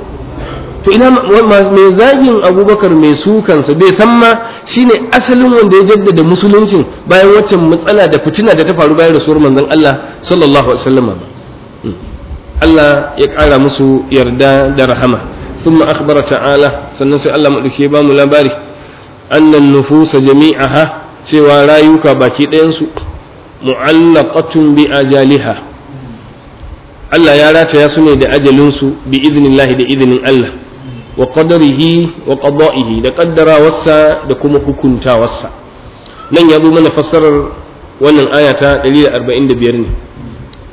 to ina mai zagin abubakar mai sukansa bai san ma shine asalin wanda ya jaddada musuluncin bayan waccan matsala da fitina da ta faru bayan rasuwar manzon Allah sallallahu alaihi wasallam hmm. Allah ya ƙara musu yarda da rahama thumma akhbara ta'ala sannan sai Allah madauke ba mu labari annan nufusa jami'aha cewa rayuka baki ɗayan su mu'allaqatun bi ajaliha Allah ya rataya su ne da ajalinsu bi idnillahi da izinin Allah wa qadarihi wa qada'ihi da wasa da kuma hukunta hukuntawarsa nan ya zo mana fassarar wannan aya ta 145 ne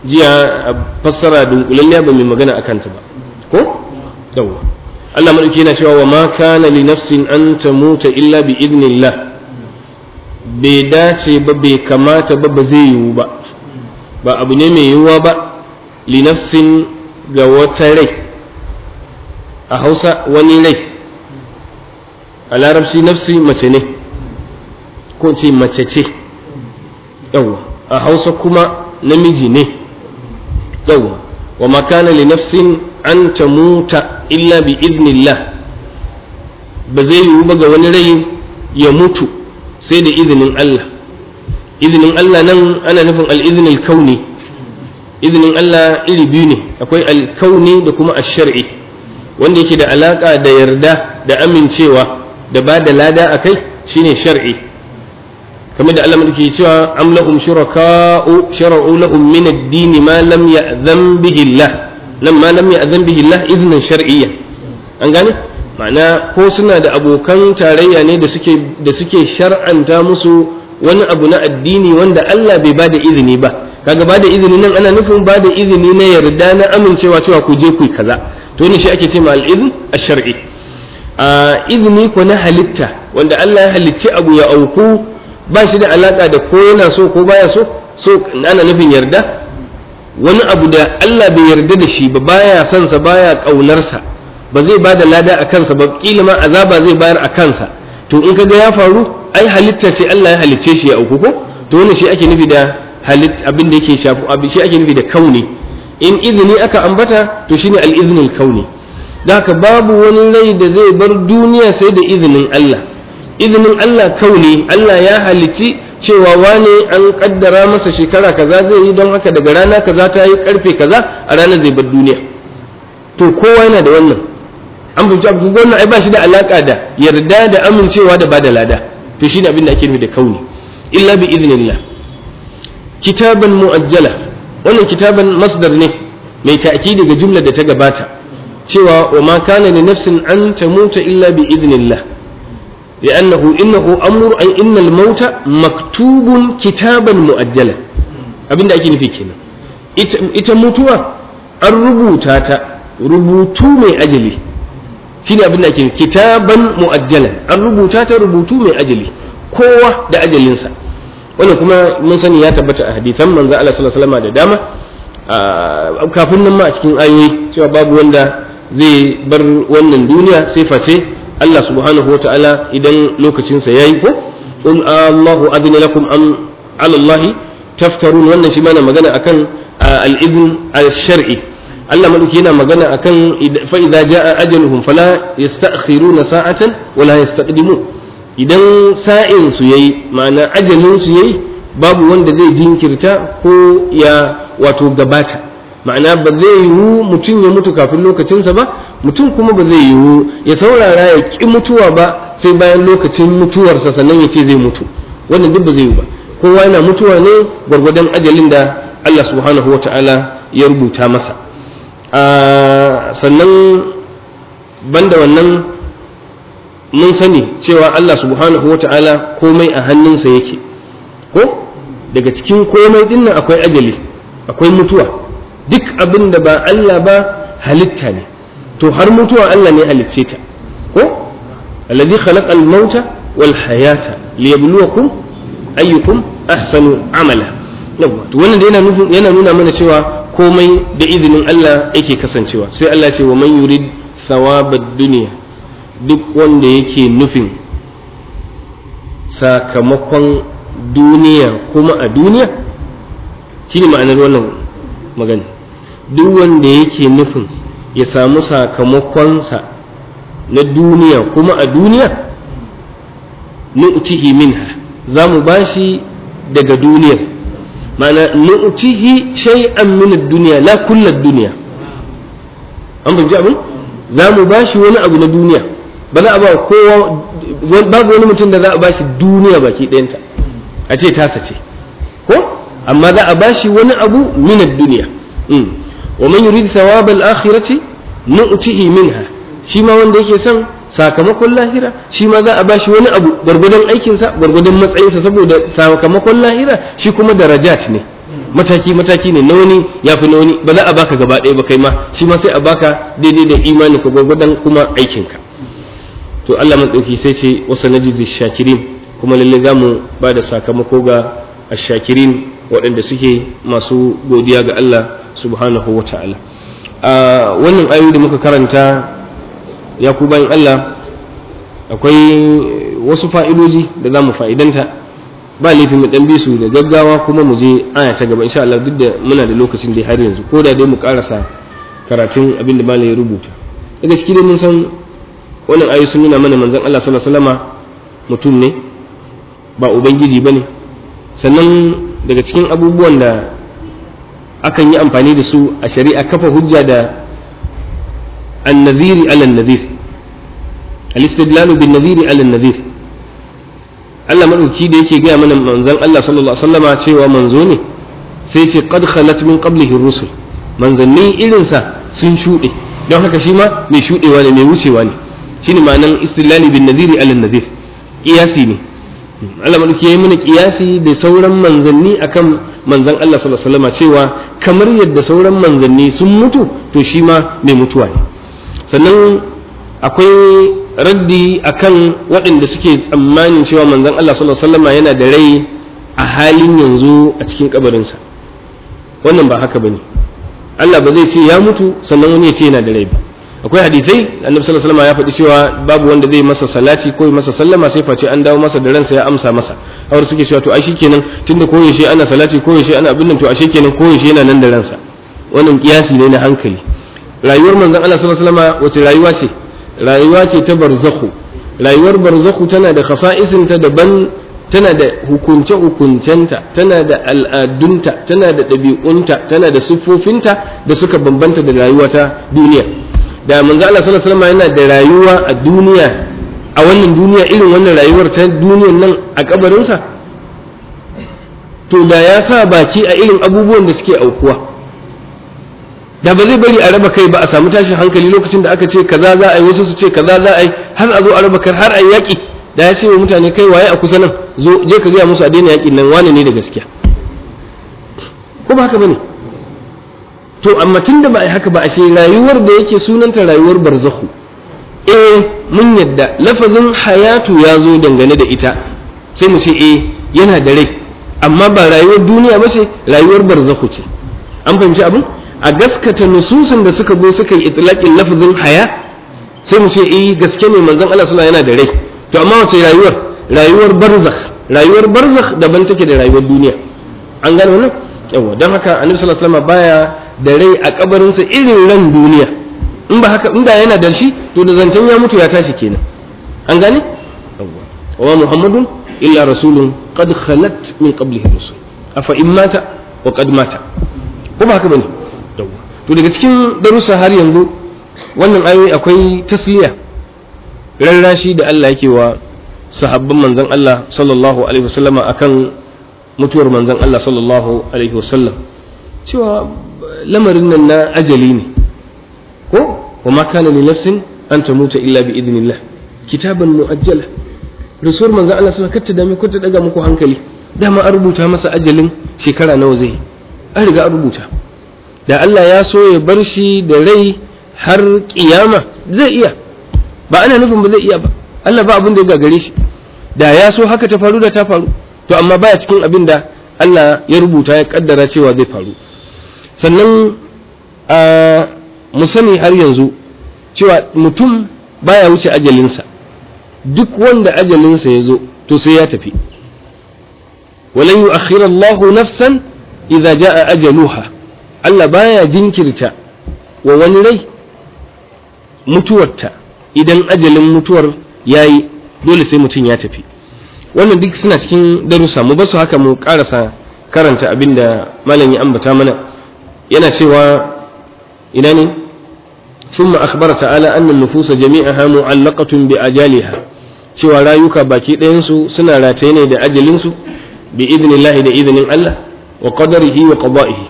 jiya a fassara dunkulalliya ba mai magana a kanta ba ko yawa Allah madauki yana cewa wa ma kana li nafsin an tamuta illa bi idnillah bai dace ba bai kamata ba ba zai yiwu ba ba abu ne mai yiwuwa ba li nafsin ga wata rai a hausa wani ne a larabci nafsi mace ne ko ce mace ce yawa a hausa kuma namiji ne yawa wa makana li nafsin an ta muta illa bi idnillah ba zai yiwu ba ga wani rai ya mutu sai da izinin Allah izinin Allah nan ana nufin al’izinin kauni izinin Allah iri biyu ne akwai alkauni da kuma ash-shar'i wanda yake da alaka da yarda da amincewa da ba da lada a kai shine shar'i kamar da Allah ke cewa am shuraka'u shar'u lahum min ad-din ma lam ya'zam bihi Allah lamma lam ya'zam bihi Allah idnan shar'iyya. an gane ma'ana ko suna da abokan tarayya ne da suke da suke shar'anta musu wani abu na addini wanda Allah bai bada izini ba kaga bada izini nan ana nufin bada izini na yarda na amincewa cewa ku je ku kaza to ne shi ake ce ma al'izn ash-shar'i izini ko na halitta wanda Allah ya halicci abu ya auku ba shi da alaka da ko yana so ko baya so so ana nufin yarda wani abu da Allah bai yarda da shi ba baya son sa baya kaunar sa ba zai bada lada a kansa ba kila ma azaba zai bayar a kansa to in kaga ya faru ai halitta ce Allah ya halicce shi ya auku ko to wannan shi ake nufi da halitta abin da yake shafi abin shi ake nufi da kauni in izini aka ambata to shine al-iznul kauni da haka babu wani rai da zai bar duniya sai da izinin Allah izinin Allah kauni Allah ya halici cewa wane an kaddara masa shekara kaza zai yi don haka daga rana kaza ta yi karfe kaza a ranar zai bar duniya to kowa yana da wannan an fahimci abu wannan ai ba shi da alaka da yarda da amincewa da ba da lada to shine abin da ake nufi da kauni illa bi idinillah kitaban mu'ajjala wannan kitaban masdar ne mai ta'kidi ga jumlar da ta gabata cewa wa ma kana li nafsin an tamuta illa bi idnillah li'annahu innahu amru ay innal mauta maktubun kitaban muajjala abinda ake nufi kenan ita mutuwa an rubuta ta rubutu mai ajali shine abin da ake kitaban mu'ajjala an rubuta ta rubutu mai ajali kowa da ajalinsa Wannan kuma mun sani ya tabbata a hadisan manzo Allah sallallahu alaihi wasallam da dama ah, kafin nan ma a cikin ayoyi cewa babu wanda zai bar wannan duniya sai face Allah subhanahu wataala idan lokacinsa ya yi ko in Allahu adina lakum am Allah taftarun wannan shi mana magana akan ah, al-idn al-shar'i Allah madauki yana magana akan fa idza jaa ajaluhum fala yasta'khiruna sa'atan wala yastaqdimun idan sa'in su yi, ma'ana ajalin su yi, babu wanda zai jinkirta ko ya wato gabata ma'ana ba zai yiwu mutum ya mutu kafin lokacinsa ba mutum kuma ba zai yiwu ya saurara ya ƙi mutuwa ba sai bayan lokacin mutuwarsa sannan ya ce zai mutu wannan duk ba zai yiwu ba kowa yana mutuwa ne gwargwadon ajalin da Allah subhanahu wa ta'ala ya rubuta masa ah, sannan banda wannan mun sani cewa Allah subhanahu wata'ala komai a hannunsa yake ko daga cikin komai dinnan akwai ajali akwai mutuwa duk abin da ba Allah ba halitta ne to har mutuwa Allah ne halicce ta ko alladhi khalaqa al-mauta wal hayata liyabluwakum ayyukum ahsanu amala yawa to wannan yana nufin yana nuna mana cewa komai da izinin Allah yake kasancewa sai Allah ce wa man yurid thawabad dunya duk wanda yake nufin sakamakon duniya kuma a duniya shi ne ma'anar wannan magana duk wanda yake nufin ya samu sakamakonsa na duniya kuma a duniya nu'tihi minha za mu bashi daga duniyar ma'ana nu'tihi shay'an min ad-dunya la kullu ad-dunya an ji abin za mu bashi wani abu na duniya ba za a ba kowa babu wani mutum da za a bashi duniya baki ɗayanta a ce tasa ce ko amma za a bashi wani abu min duniya hmm. wa man yuridu thawaba al akhirati nu'tihi minha shi ma wanda yake son sakamakon lahira shi ma za a bashi wani abu gwargwadon aikinsa gwargwadon matsayinsa saboda sakamakon lahira shi kuma darajat ne mataki mataki ne na wani ya fi na wani ba za a baka gaba ɗaya ba kai ma shi ma sai a baka daidai da imani ko gwargwadon kuma ka to Allah dauki sai ce wasa najizi shakirin kuma lalle za mu ba da sakamako ga shakirin waɗanda suke masu godiya ga Allah subhanahu wa ta'ala a wannan ayoyi da muka karanta ya ku bayan Allah akwai wasu fa'idoji da za mu fa'idanta ba laifi mu ɗan bisu da gaggawa kuma mu je aya ta gaba insha Allah duk da muna da lokacin da har yanzu ko da dai mu karasa karatun abin da malai ya rubuta daga cikin mun san wannan ayoyi sun nuna mana manzon Allah sallallahu alaihi wasallama mutum ne ba ubangiji bane sannan daga cikin abubuwan da akan yi amfani da su a shari'a kafa hujja da annaziri ala nazir al-istidlalu bin naziri ala nazir Allah madauki da yake gaya mana manzon Allah sallallahu alaihi wasallama cewa manzo ne sai ce qad khalat min qablihi rusul manzanni irinsa sun shuɗe don haka shi ma mai shuɗewa ne mai wucewa ne shine ma'anan istilali bin Naziri alal nazir kiyasi ne Allah madauki mana kiyasi da sauran manzanni akan manzan Allah sallallahu alaihi cewa kamar yadda sauran manzanni sun mutu to shi ma mai mutuwa ne sannan akwai raddi akan waɗanda suke tsammanin cewa manzan Allah sallallahu alaihi yana da rai a halin yanzu a cikin kabarinsa wannan ba haka bane Allah ba zai ce ya mutu sannan wani ya ce yana da rai ba akwai hadisai annabi sallallahu alaihi ya faɗi cewa babu wanda zai masa salati ko masa sallama sai face an dawo masa da ransa ya amsa masa awar suke cewa to ashe kenan tunda yaushe ana salati yaushe ana abin nan to ashe kenan yaushe yana nan da ransa wannan kiyasi ne na hankali rayuwar manzon Allah sallallahu alaihi wace rayuwa ce rayuwa ce ta barzakhu rayuwar barzakhu tana da ta daban tana da hukunce-hukuncenta tana da al'adunta tana da ɗabi'unta tana da siffofinta da suka bambanta da rayuwa ta duniya da manzo Allah sallallahu alaihi wasallam yana da rayuwa a duniya a wannan duniya irin wannan rayuwar ta duniyar nan a kabarinsa to da ya sa baki a irin abubuwan da suke aukuwa da ba zai bari a raba kai ba a samu tashin hankali lokacin da aka ce kaza za a yi wasu su ce kaza za a yi har a zo a raba kai har a yaƙi da ya ce wa mutane kai waye a kusa nan zo je ka gaya musu a daina yaƙin nan wane ne da gaskiya ko ba haka bane to amma tun da ba a haka ba ashe rayuwar da yake sunanta rayuwar barzaku. eh mun yadda lafazin hayatu ya zo dangane da ita sai mu ce eh yana da rai amma ba rayuwar duniya ba ce rayuwar barzaku ce an fahimci abin a gaskata nususin da suka zo suka yi itlaqin lafazin haya sai mu ce eh gaske ne manzon Allah sallallahu yana da rai to amma wace rayuwar rayuwar barzakh rayuwar barzakh daban take da rayuwar duniya an gane wannan yawa don haka annabi sallallahu alaihi wasallam baya da rai a kabarinsa irin ran duniya in ba haka inda yana da shi to da zancen ya mutu ya tashi kenan an gane wa muhammadun illa rasulun qad khalat min qablihi rusul afa in mata wa qad mata ko ba haka bane to daga cikin darussa har yanzu wannan ayoyi akwai tasliya rarrashi da Allah yake wa sahabban manzon Allah sallallahu alaihi wasallama akan mutuwar manzon Allah sallallahu alaihi wasallam cewa lamarin nan na ajali ne ko wa ma kana li nafsin an tamuta illa bi idnillah kitaban muajjala rasul manzo Allah sallallahu alaihi wasallam kar ta daga muku hankali dama an rubuta masa ajalin shekara nawa zai an riga an rubuta da Allah ya so ya bar shi da rai har kiyama zai iya ba ana nufin ba zai iya ba Allah ba abin da ya gagare shi da ya so haka ta faru da ta faru to amma baya cikin abin da Allah ya rubuta ya kaddara cewa zai faru sannan mu sani har yanzu cewa mutum baya wuce ajalinsa duk wanda ajalinsa ya zo to sai ya tafi yi yu'akhkhira Allahu nafsan ja ajalu ajaluha Allah baya jinkirta wa wani rai mutuwarta idan ajalin mutuwar ya yi, dole sai mutum ya tafi wannan duk suna cikin darusa, mu basu haka mu karasa karanta abinda malam ya ambata mana yana cewa ina ne ثم أخبر تعالى أن النفوس جميعها معلقة بأجالها cewa rayuka baki ɗayansu suna rataye ne da ajalinsu bi idnillahi da izinin Allah wa qadarihi wa qada'ihi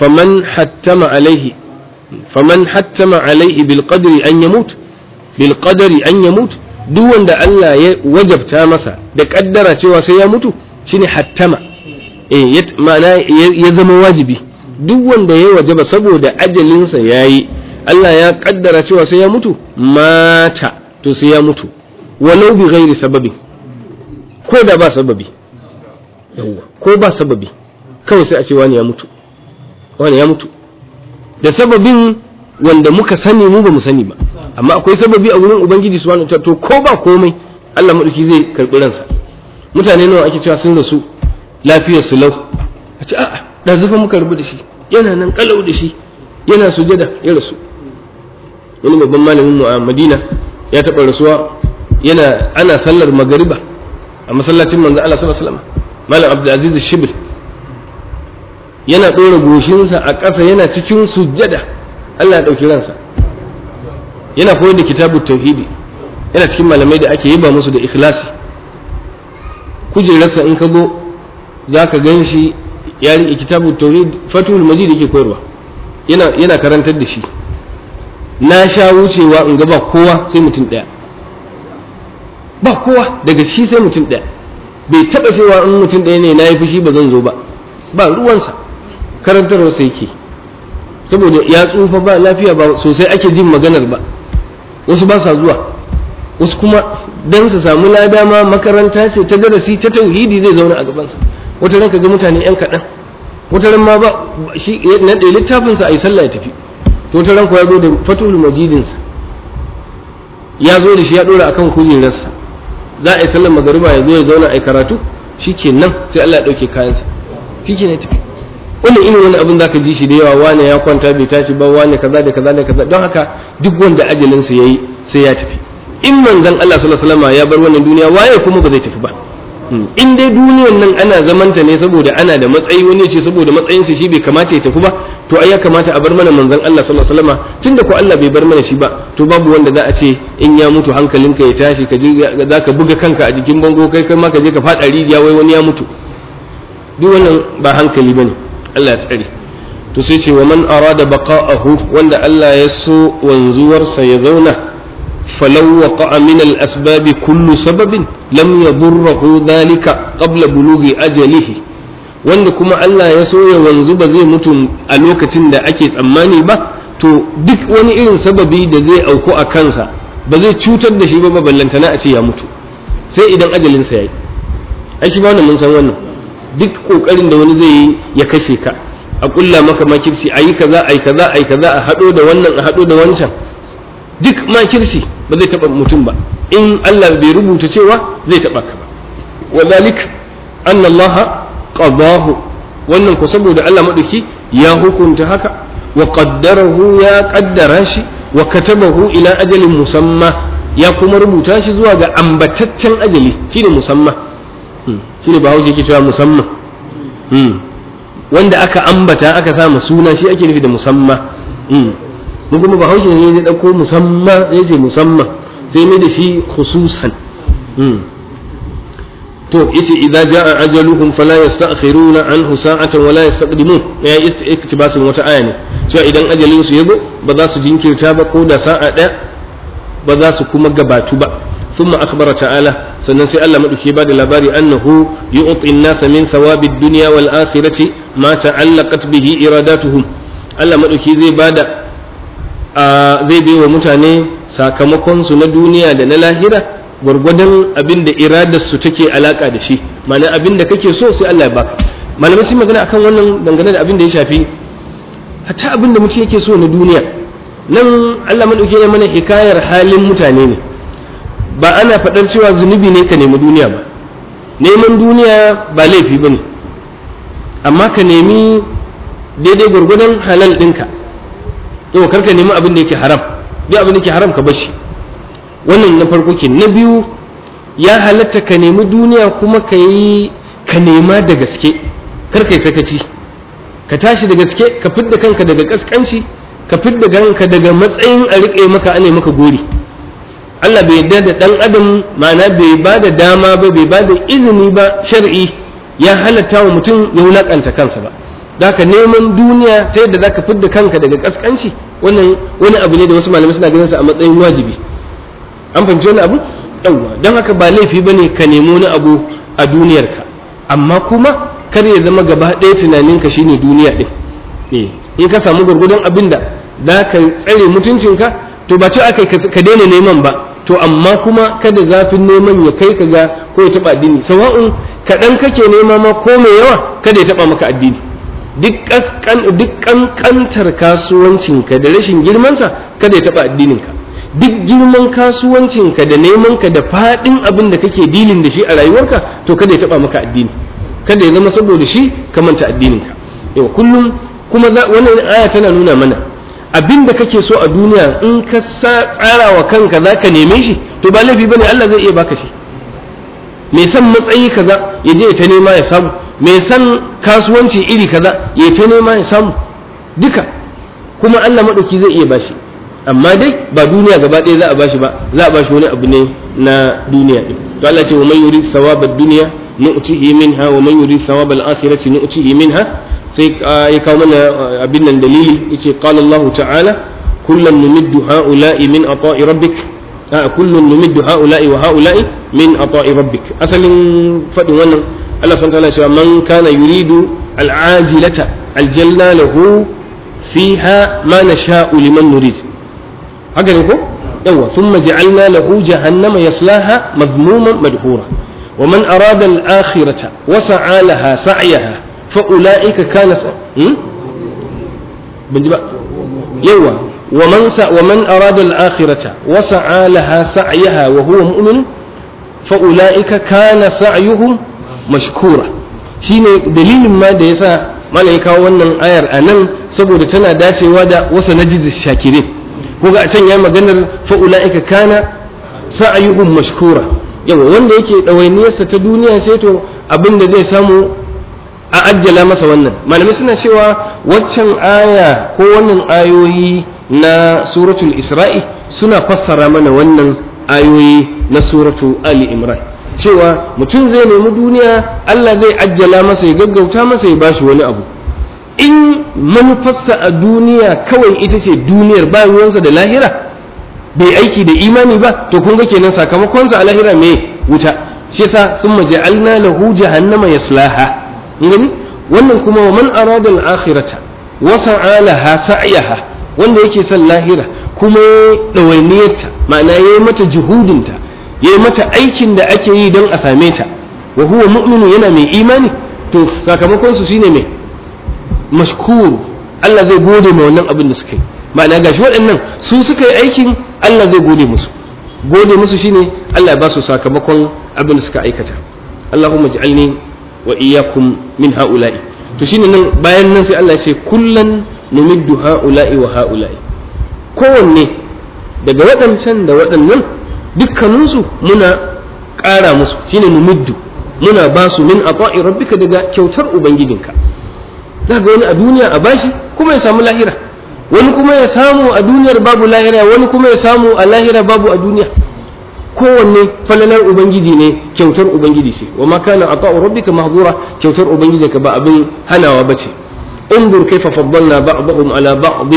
faman hattama alaihi faman hattama alaihi bil qadri an yamut bil qadri an yamut duk wanda Allah ya wajabta masa da kaddara cewa sai ya mutu shine hattama Eh, ma'ana ya zama wajibi duk wanda ya wajaba saboda ajalinsa ya yi, Allah ya kaddara cewa sai ya mutu mata to sai ya mutu walau bi gairi sababin ko da ba sababi ko ba sababi kawai sai a ce wani ya mutu wani ya mutu da sababin wanda muka sani mu ba mu sani ba amma akwai sababi a gurin ubangiji subhanahu wa to ko ba komai Allah madauki zai karbi ransa mutane nawa ake cewa sun rasu lafiyar su lau a ce a'a da zufa muka rubu da shi yana nan kalau da shi yana sujada ya rasu wani babban malamin mu a Madina ya taɓa rasuwa yana ana sallar magariba a masallacin manzo Allah sallallahu alaihi wasallam malam Abdulaziz Shibil. yana ɗora goshinsa a ƙasa yana cikin sujada Allah ya ɗauki ransa yana koyar da kitabu tauhidi yana cikin malamai da ake yi yaba musu da ikhlasi kujerarsa in ka go. za ka gan shi ya riƙe kitabu tauhid fatul majid yake koyarwa yana karantar da shi na sha wucewa in ga kowa sai mutum ɗaya ba kowa daga shi sai mutum ɗaya bai taɓa cewa in mutum ɗaya ne na yi fushi ba zan zo ba ba ruwansa karantarwarsa yake saboda ya tsufa ba lafiya ba sosai ake jin maganar ba wasu ba sa zuwa wasu kuma don su samu lada ma makaranta ce ta darasi ta tauhidi zai zauna a gabansa wata ran ka ga mutane yan kaɗan wata ran ma ba shi na ɗaya littafinsa a yi sallah ya tafi to wata ran ya zo da fatul majidinsa ya zo da shi ya ɗora akan kujerarsa za a yi sallar magariba ya zo ya zauna a yi karatu shi ke nan sai Allah ya ɗauke kayansa shi ke na tafi wannan irin wani abin zaka ji shi da yawa wane ya kwanta bai tashi ba wane kaza da kaza da kaza don haka duk wanda ajalinsa yi sai ya tafi in manzon Allah sallallahu alaihi wasallam ya bar wannan duniya waye kuma ba zai tafi ba in dai duniyan nan ana zamanta ne saboda ana da matsayi wani ce saboda matsayinsa shi bai kamata ya tafi ba to ai ya kamata a bar mana manzon Allah sallallahu alaihi wasallam tunda ko Allah bai bar mana shi ba to babu wanda za a ce in ya mutu hankalinka ya tashi ka je zaka buga kanka a jikin bango kai kai ma ka je ka fada rijiya wai wani ya mutu duk wannan ba hankali bane Allah ya tsare to sai ce wa man arada baqa'ahu wanda Allah ya so wanzuwarsa ya zauna falau waqa'a min al-asbab kullu sababin lam yadurruhu dhalika qabla bulughi ajalihi wanda kuma Allah ya so ya wanzu ba zai mutu a lokacin da ake tsammani ba to duk wani irin sababi da zai auku a kansa ba zai cutar da shi ba ballantana a ce ya mutu sai idan ajalinsa ya yi ai shi ba wannan mun san wannan duk kokarin da wani zai yi ya kashe ka a kulla maka makirci ayi kaza ayi kaza ayi kaza a hado da wannan a hado da wancan duk makirci ba zai taɓa mutum ba in Allah bai rubuta cewa zai taɓa ka ba wadhalik anna Allah qadahu wannan ko saboda Allah madauki ya hukunta haka wa qaddarahu ya qaddara shi wa katabahu ila ajalin musamma ya kuma rubuta shi zuwa ga ambataccen ajali shine musamma hmm, shine ba hausa yake musamma hmm, wanda aka ambata aka sa suna shi ake nufi da musamma hmm. ni kuma bahaushe ne ne ɗauko musamman ya ce musamman sai ne da shi khususan hmm. to yace idza jaa ajaluhum fala yasta'khiruna anhu sa'atan wala yastaqdimun ya iktibasin wata aya ne cewa idan ajalin su yago ba za su jinkirta ba ko da sa'a ɗaya ba za su kuma gabatu ba ثم أخبر تعالى سننسي ألا مدكي بعد لباري أنه يعطي الناس من ثواب الدنيا والآخرة ما تعلقت به إراداتهم ألا مدكي زي بعد zai bai wa mutane sakamakonsu na duniya da na lahira gwargwadon abin da iradarsu take alaka da shi ma'ana abin da kake so sai Allah ya baka malamai sun magana akan wannan dangane da abin da ya shafi hatta abin da mutum yake so na duniya nan Allah mun ya mana hikayar halin mutane ne ba ana faɗar cewa zunubi ne ka nemi duniya ba neman duniya ba laifi bane amma ka nemi daidai gwargwadon halal ɗinka yau karka nemi abin da yake haram duk abin da yake haram ka bashi wannan na farko ke na biyu ya halatta ka nemi duniya kuma ka yi ka nema da gaske karka yi sakaci ka tashi da gaske ka fidda kanka daga kaskanci ka fidda kanka daga matsayin a riƙe maka ane maka gori Allah bai yarda da ɗan adam ma'ana bai ba da dama ba bai ba da izini ba shar'i ya halatta wa mutum ya wulakanta kansa ba daka neman duniya ta yadda zaka fidda kanka daga kaskanci wannan wani abu ne da wasu malamai suna ganin sa a matsayin wajibi an fahimci wani abu yawwa don haka ba laifi ne ka nemi wani abu a duniyarka amma kuma kar ya zama gaba ɗaya tunaninka shine duniya din eh in ka samu gurgudun abin da za ka tsare mutuncinka to ba ce aka ka daina neman ba to amma kuma kada zafin neman ya kai ka ga ko ya taɓa addini sawa'un kaɗan kake nema ma ko mai yawa kada ya taba maka addini duk kankantar kasuwancinka da rashin girmansa kada ya taɓa addininka duk girman kasuwancinka da nemanka da faɗin abin da kake dilin da shi a rayuwarka to kada ya taɓa maka addini kada ya zama saboda shi ka manta addininka yau kullum kuma wannan aya tana nuna mana abin da kake so a duniya in ka tsara wa kanka za ka neme shi to ba laifi ba ne Allah zai iya baka shi mai san matsayi kaza ya je ta nema ya samu mai san kasuwanci iri kaza ya ta nema ya samu duka kuma Allah maɗauki zai iya bashi amma dai ba duniya gaba ɗaya za a bashi ba za a bashi wani abu ne na duniya ɗin to Allah ce wa man yuri duniya dunya nu'tihi minha wa man yuri thawabal akhirati nu'tihi minha sai ya kawo mana abin nan dalili yace qala Allah ta'ala kullan numiddu ha'ula'i min ata'i rabbik kullun numiddu ha'ula'i wa ha'ula'i min ata'i rabbik asalin fadin wannan Allah subhanahu wa ta'ala cewa man kana yuridu al'ajilata aljanna lahu fiha ma nasha'u liman nurid haka ne ko yawa thumma ja'alna lahu jahannama yaslaha madhmuman madhura wa man arada al-akhirata wa sa'a laha sa'yaha fa ulaika kana ban ji ba yawa wa man sa wa man arada al-akhirata wa sa'a laha sa'yaha wa huwa mu'min fa ulaika kana sa'yuhum mashkura shine dalilin ma da yasa sa ya kawo wannan ayar a nan saboda tana dacewa da wasa jizis shakirin ko ga a can ya maganar faula'ika ulaika kana sa'ayuhum mashkura yawa wanda yake ɗawainiyarsa ta duniya sai to abin da zai samu a ajjala masa wannan malamai suna cewa waccan aya ko wannan ayoyi na suratul isra'i suna fassara mana wannan ayoyi na suratu ali imran cewa mutum zai nemi duniya Allah zai ajjala masa ya gaggauta masa ya ba shi wani abu in manufarsa a duniya kawai ita ce duniyar bayan ruwansa da lahira bai aiki da imani ba to kun ga kenan sakamakonsa a lahira mai wuta shi yasa sun maja'alna lahu jahannama yaslaha ngani wannan kuma wa man arada al-akhirata wa sa'alaha sa'yaha wanda yake son lahira kuma ya ma'ana ya mata juhudinta ya yi mata aikin da ake yi don a same ta wa huwa mu'minu yana mai imani to sakamakon su shine mai mashkur Allah zai gode ma wannan abin da suka yi ma'ana gashi waɗannan su suka yi aikin Allah zai gode musu gode musu shine Allah ya ba su sakamakon abin da suka aikata Allahumma ij'alni wa iyyakum min ha'ula'i to shine nan bayan nan sai Allah ya ce kullan numiddu ha'ula'i wa ha'ula'i kowanne daga waɗancan da waɗannan dukkaninsu muna ƙara musu shine numiddu muna ba su min ata'i rabbika daga kyautar ubangijinka ga wani a duniya a bashi kuma ya samu lahira wani kuma ya samu a duniyar babu lahira wani kuma ya samu a lahira babu a duniya kowanne falalar ubangiji ne kyautar ubangiji sai. wa ma kana ata'u rabbika mahdura kyautar ubangijinka ba abin hanawa bace انظر كيف فضلنا بعضهم على بعض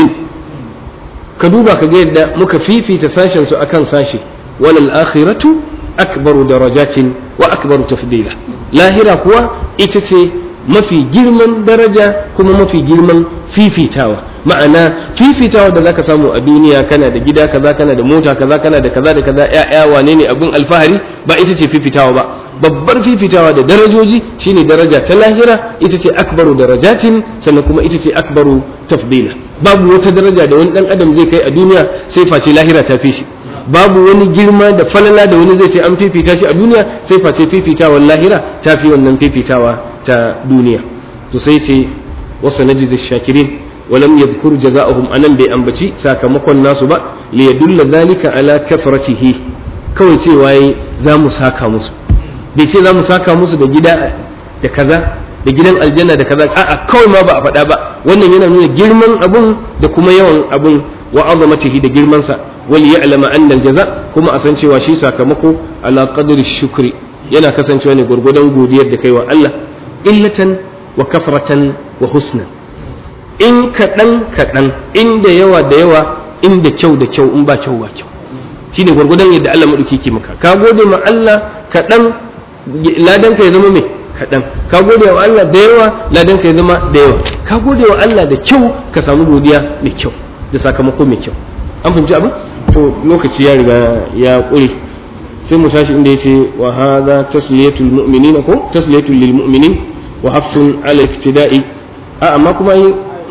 ka duba ka ga yadda muka fifita sashen su akan sashe. walal akhiratu akbaru darajatin wa akbaru tafdila lahira kuwa ita ce mafi girman daraja kuma mafi girman fifitawa ma'ana fifitawa da zaka samu a duniya kana da gida kaza kana da mota kaza kana da kaza da kaza yaya wane ne abin alfahari ba ita ce fifitawa ba babbar fifitawa da darajoji shine daraja ta lahira ita ce akbaru darajatin sannan kuma ita ce akbaru tafdila babu wata daraja da wani dan adam zai kai a duniya sai face lahira ta fi shi babu wani girma da falala da wani zai sai an fifita shi a duniya sai face fifita fifitawar lahira ta fi wannan fifitawa ta duniya to sai ce wasu najiz shakirin walam ya ولم a nan bai ambaci sakamakon nasu ba dulla ذلك ala كثرته kawai ce waye za mu saka musu bai ce za mu saka musu da gida da kaza da gidan aljanna da kaza a'a kawai ma ba a faɗa ba wannan yana nuna girman abun da kuma yawan abun wa azamatihi da girmansa wal ya'lama anna aljaza kuma a san cewa shi sakamako ala qadri shukri yana kasancewa ne gurgudan godiyar da kai wa Allah illatan wa kafratan wa husnan in kaɗan kaɗan in da yawa da yawa in da kyau da kyau in ba kyau ba kyau shine gurgudan yadda Allah maduki ke maka ka gode Allah kaɗan ka ya zama mai kaɗan ka gode wa Allah da yawa ladan ka ya zama da yawa ka gode wa Allah da kyau ka samu godiya mai kyau da sakamako mai kyau an fahimci abin to lokaci ya riga ya ƙure sai mu tashi inda yace wa hadha tasliyatul mu'minin ko tasliyatul lil mu'minin wa hafsun ala iftida'i a amma kuma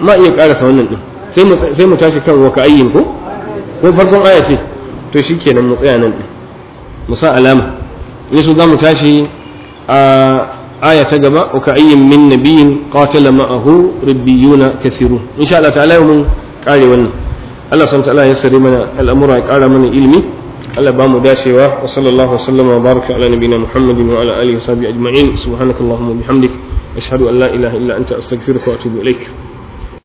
ma iya karasa wannan din sai mu sai mu tashi kan waka ayyin ko ko farkon aya sai to shikenan mu tsaya nan din mu sa alama in so zamu tashi a aya ta gaba waka ka'ayyin min nabiyyin qatala ma'ahu rabbiyuna kathirun insha Allah ta'ala mun kare wannan Allah subhanahu ta'ala ya sare mana al'amura ya kara mana ilimi Allah ba mu dacewa wa sallallahu sallama wa baraka ala nabiyina Muhammadin wa ala alihi wa sahbihi ajma'in subhanakallahumma bihamdik ashhadu an la ilaha illa anta astaghfiruka wa atubu ilaik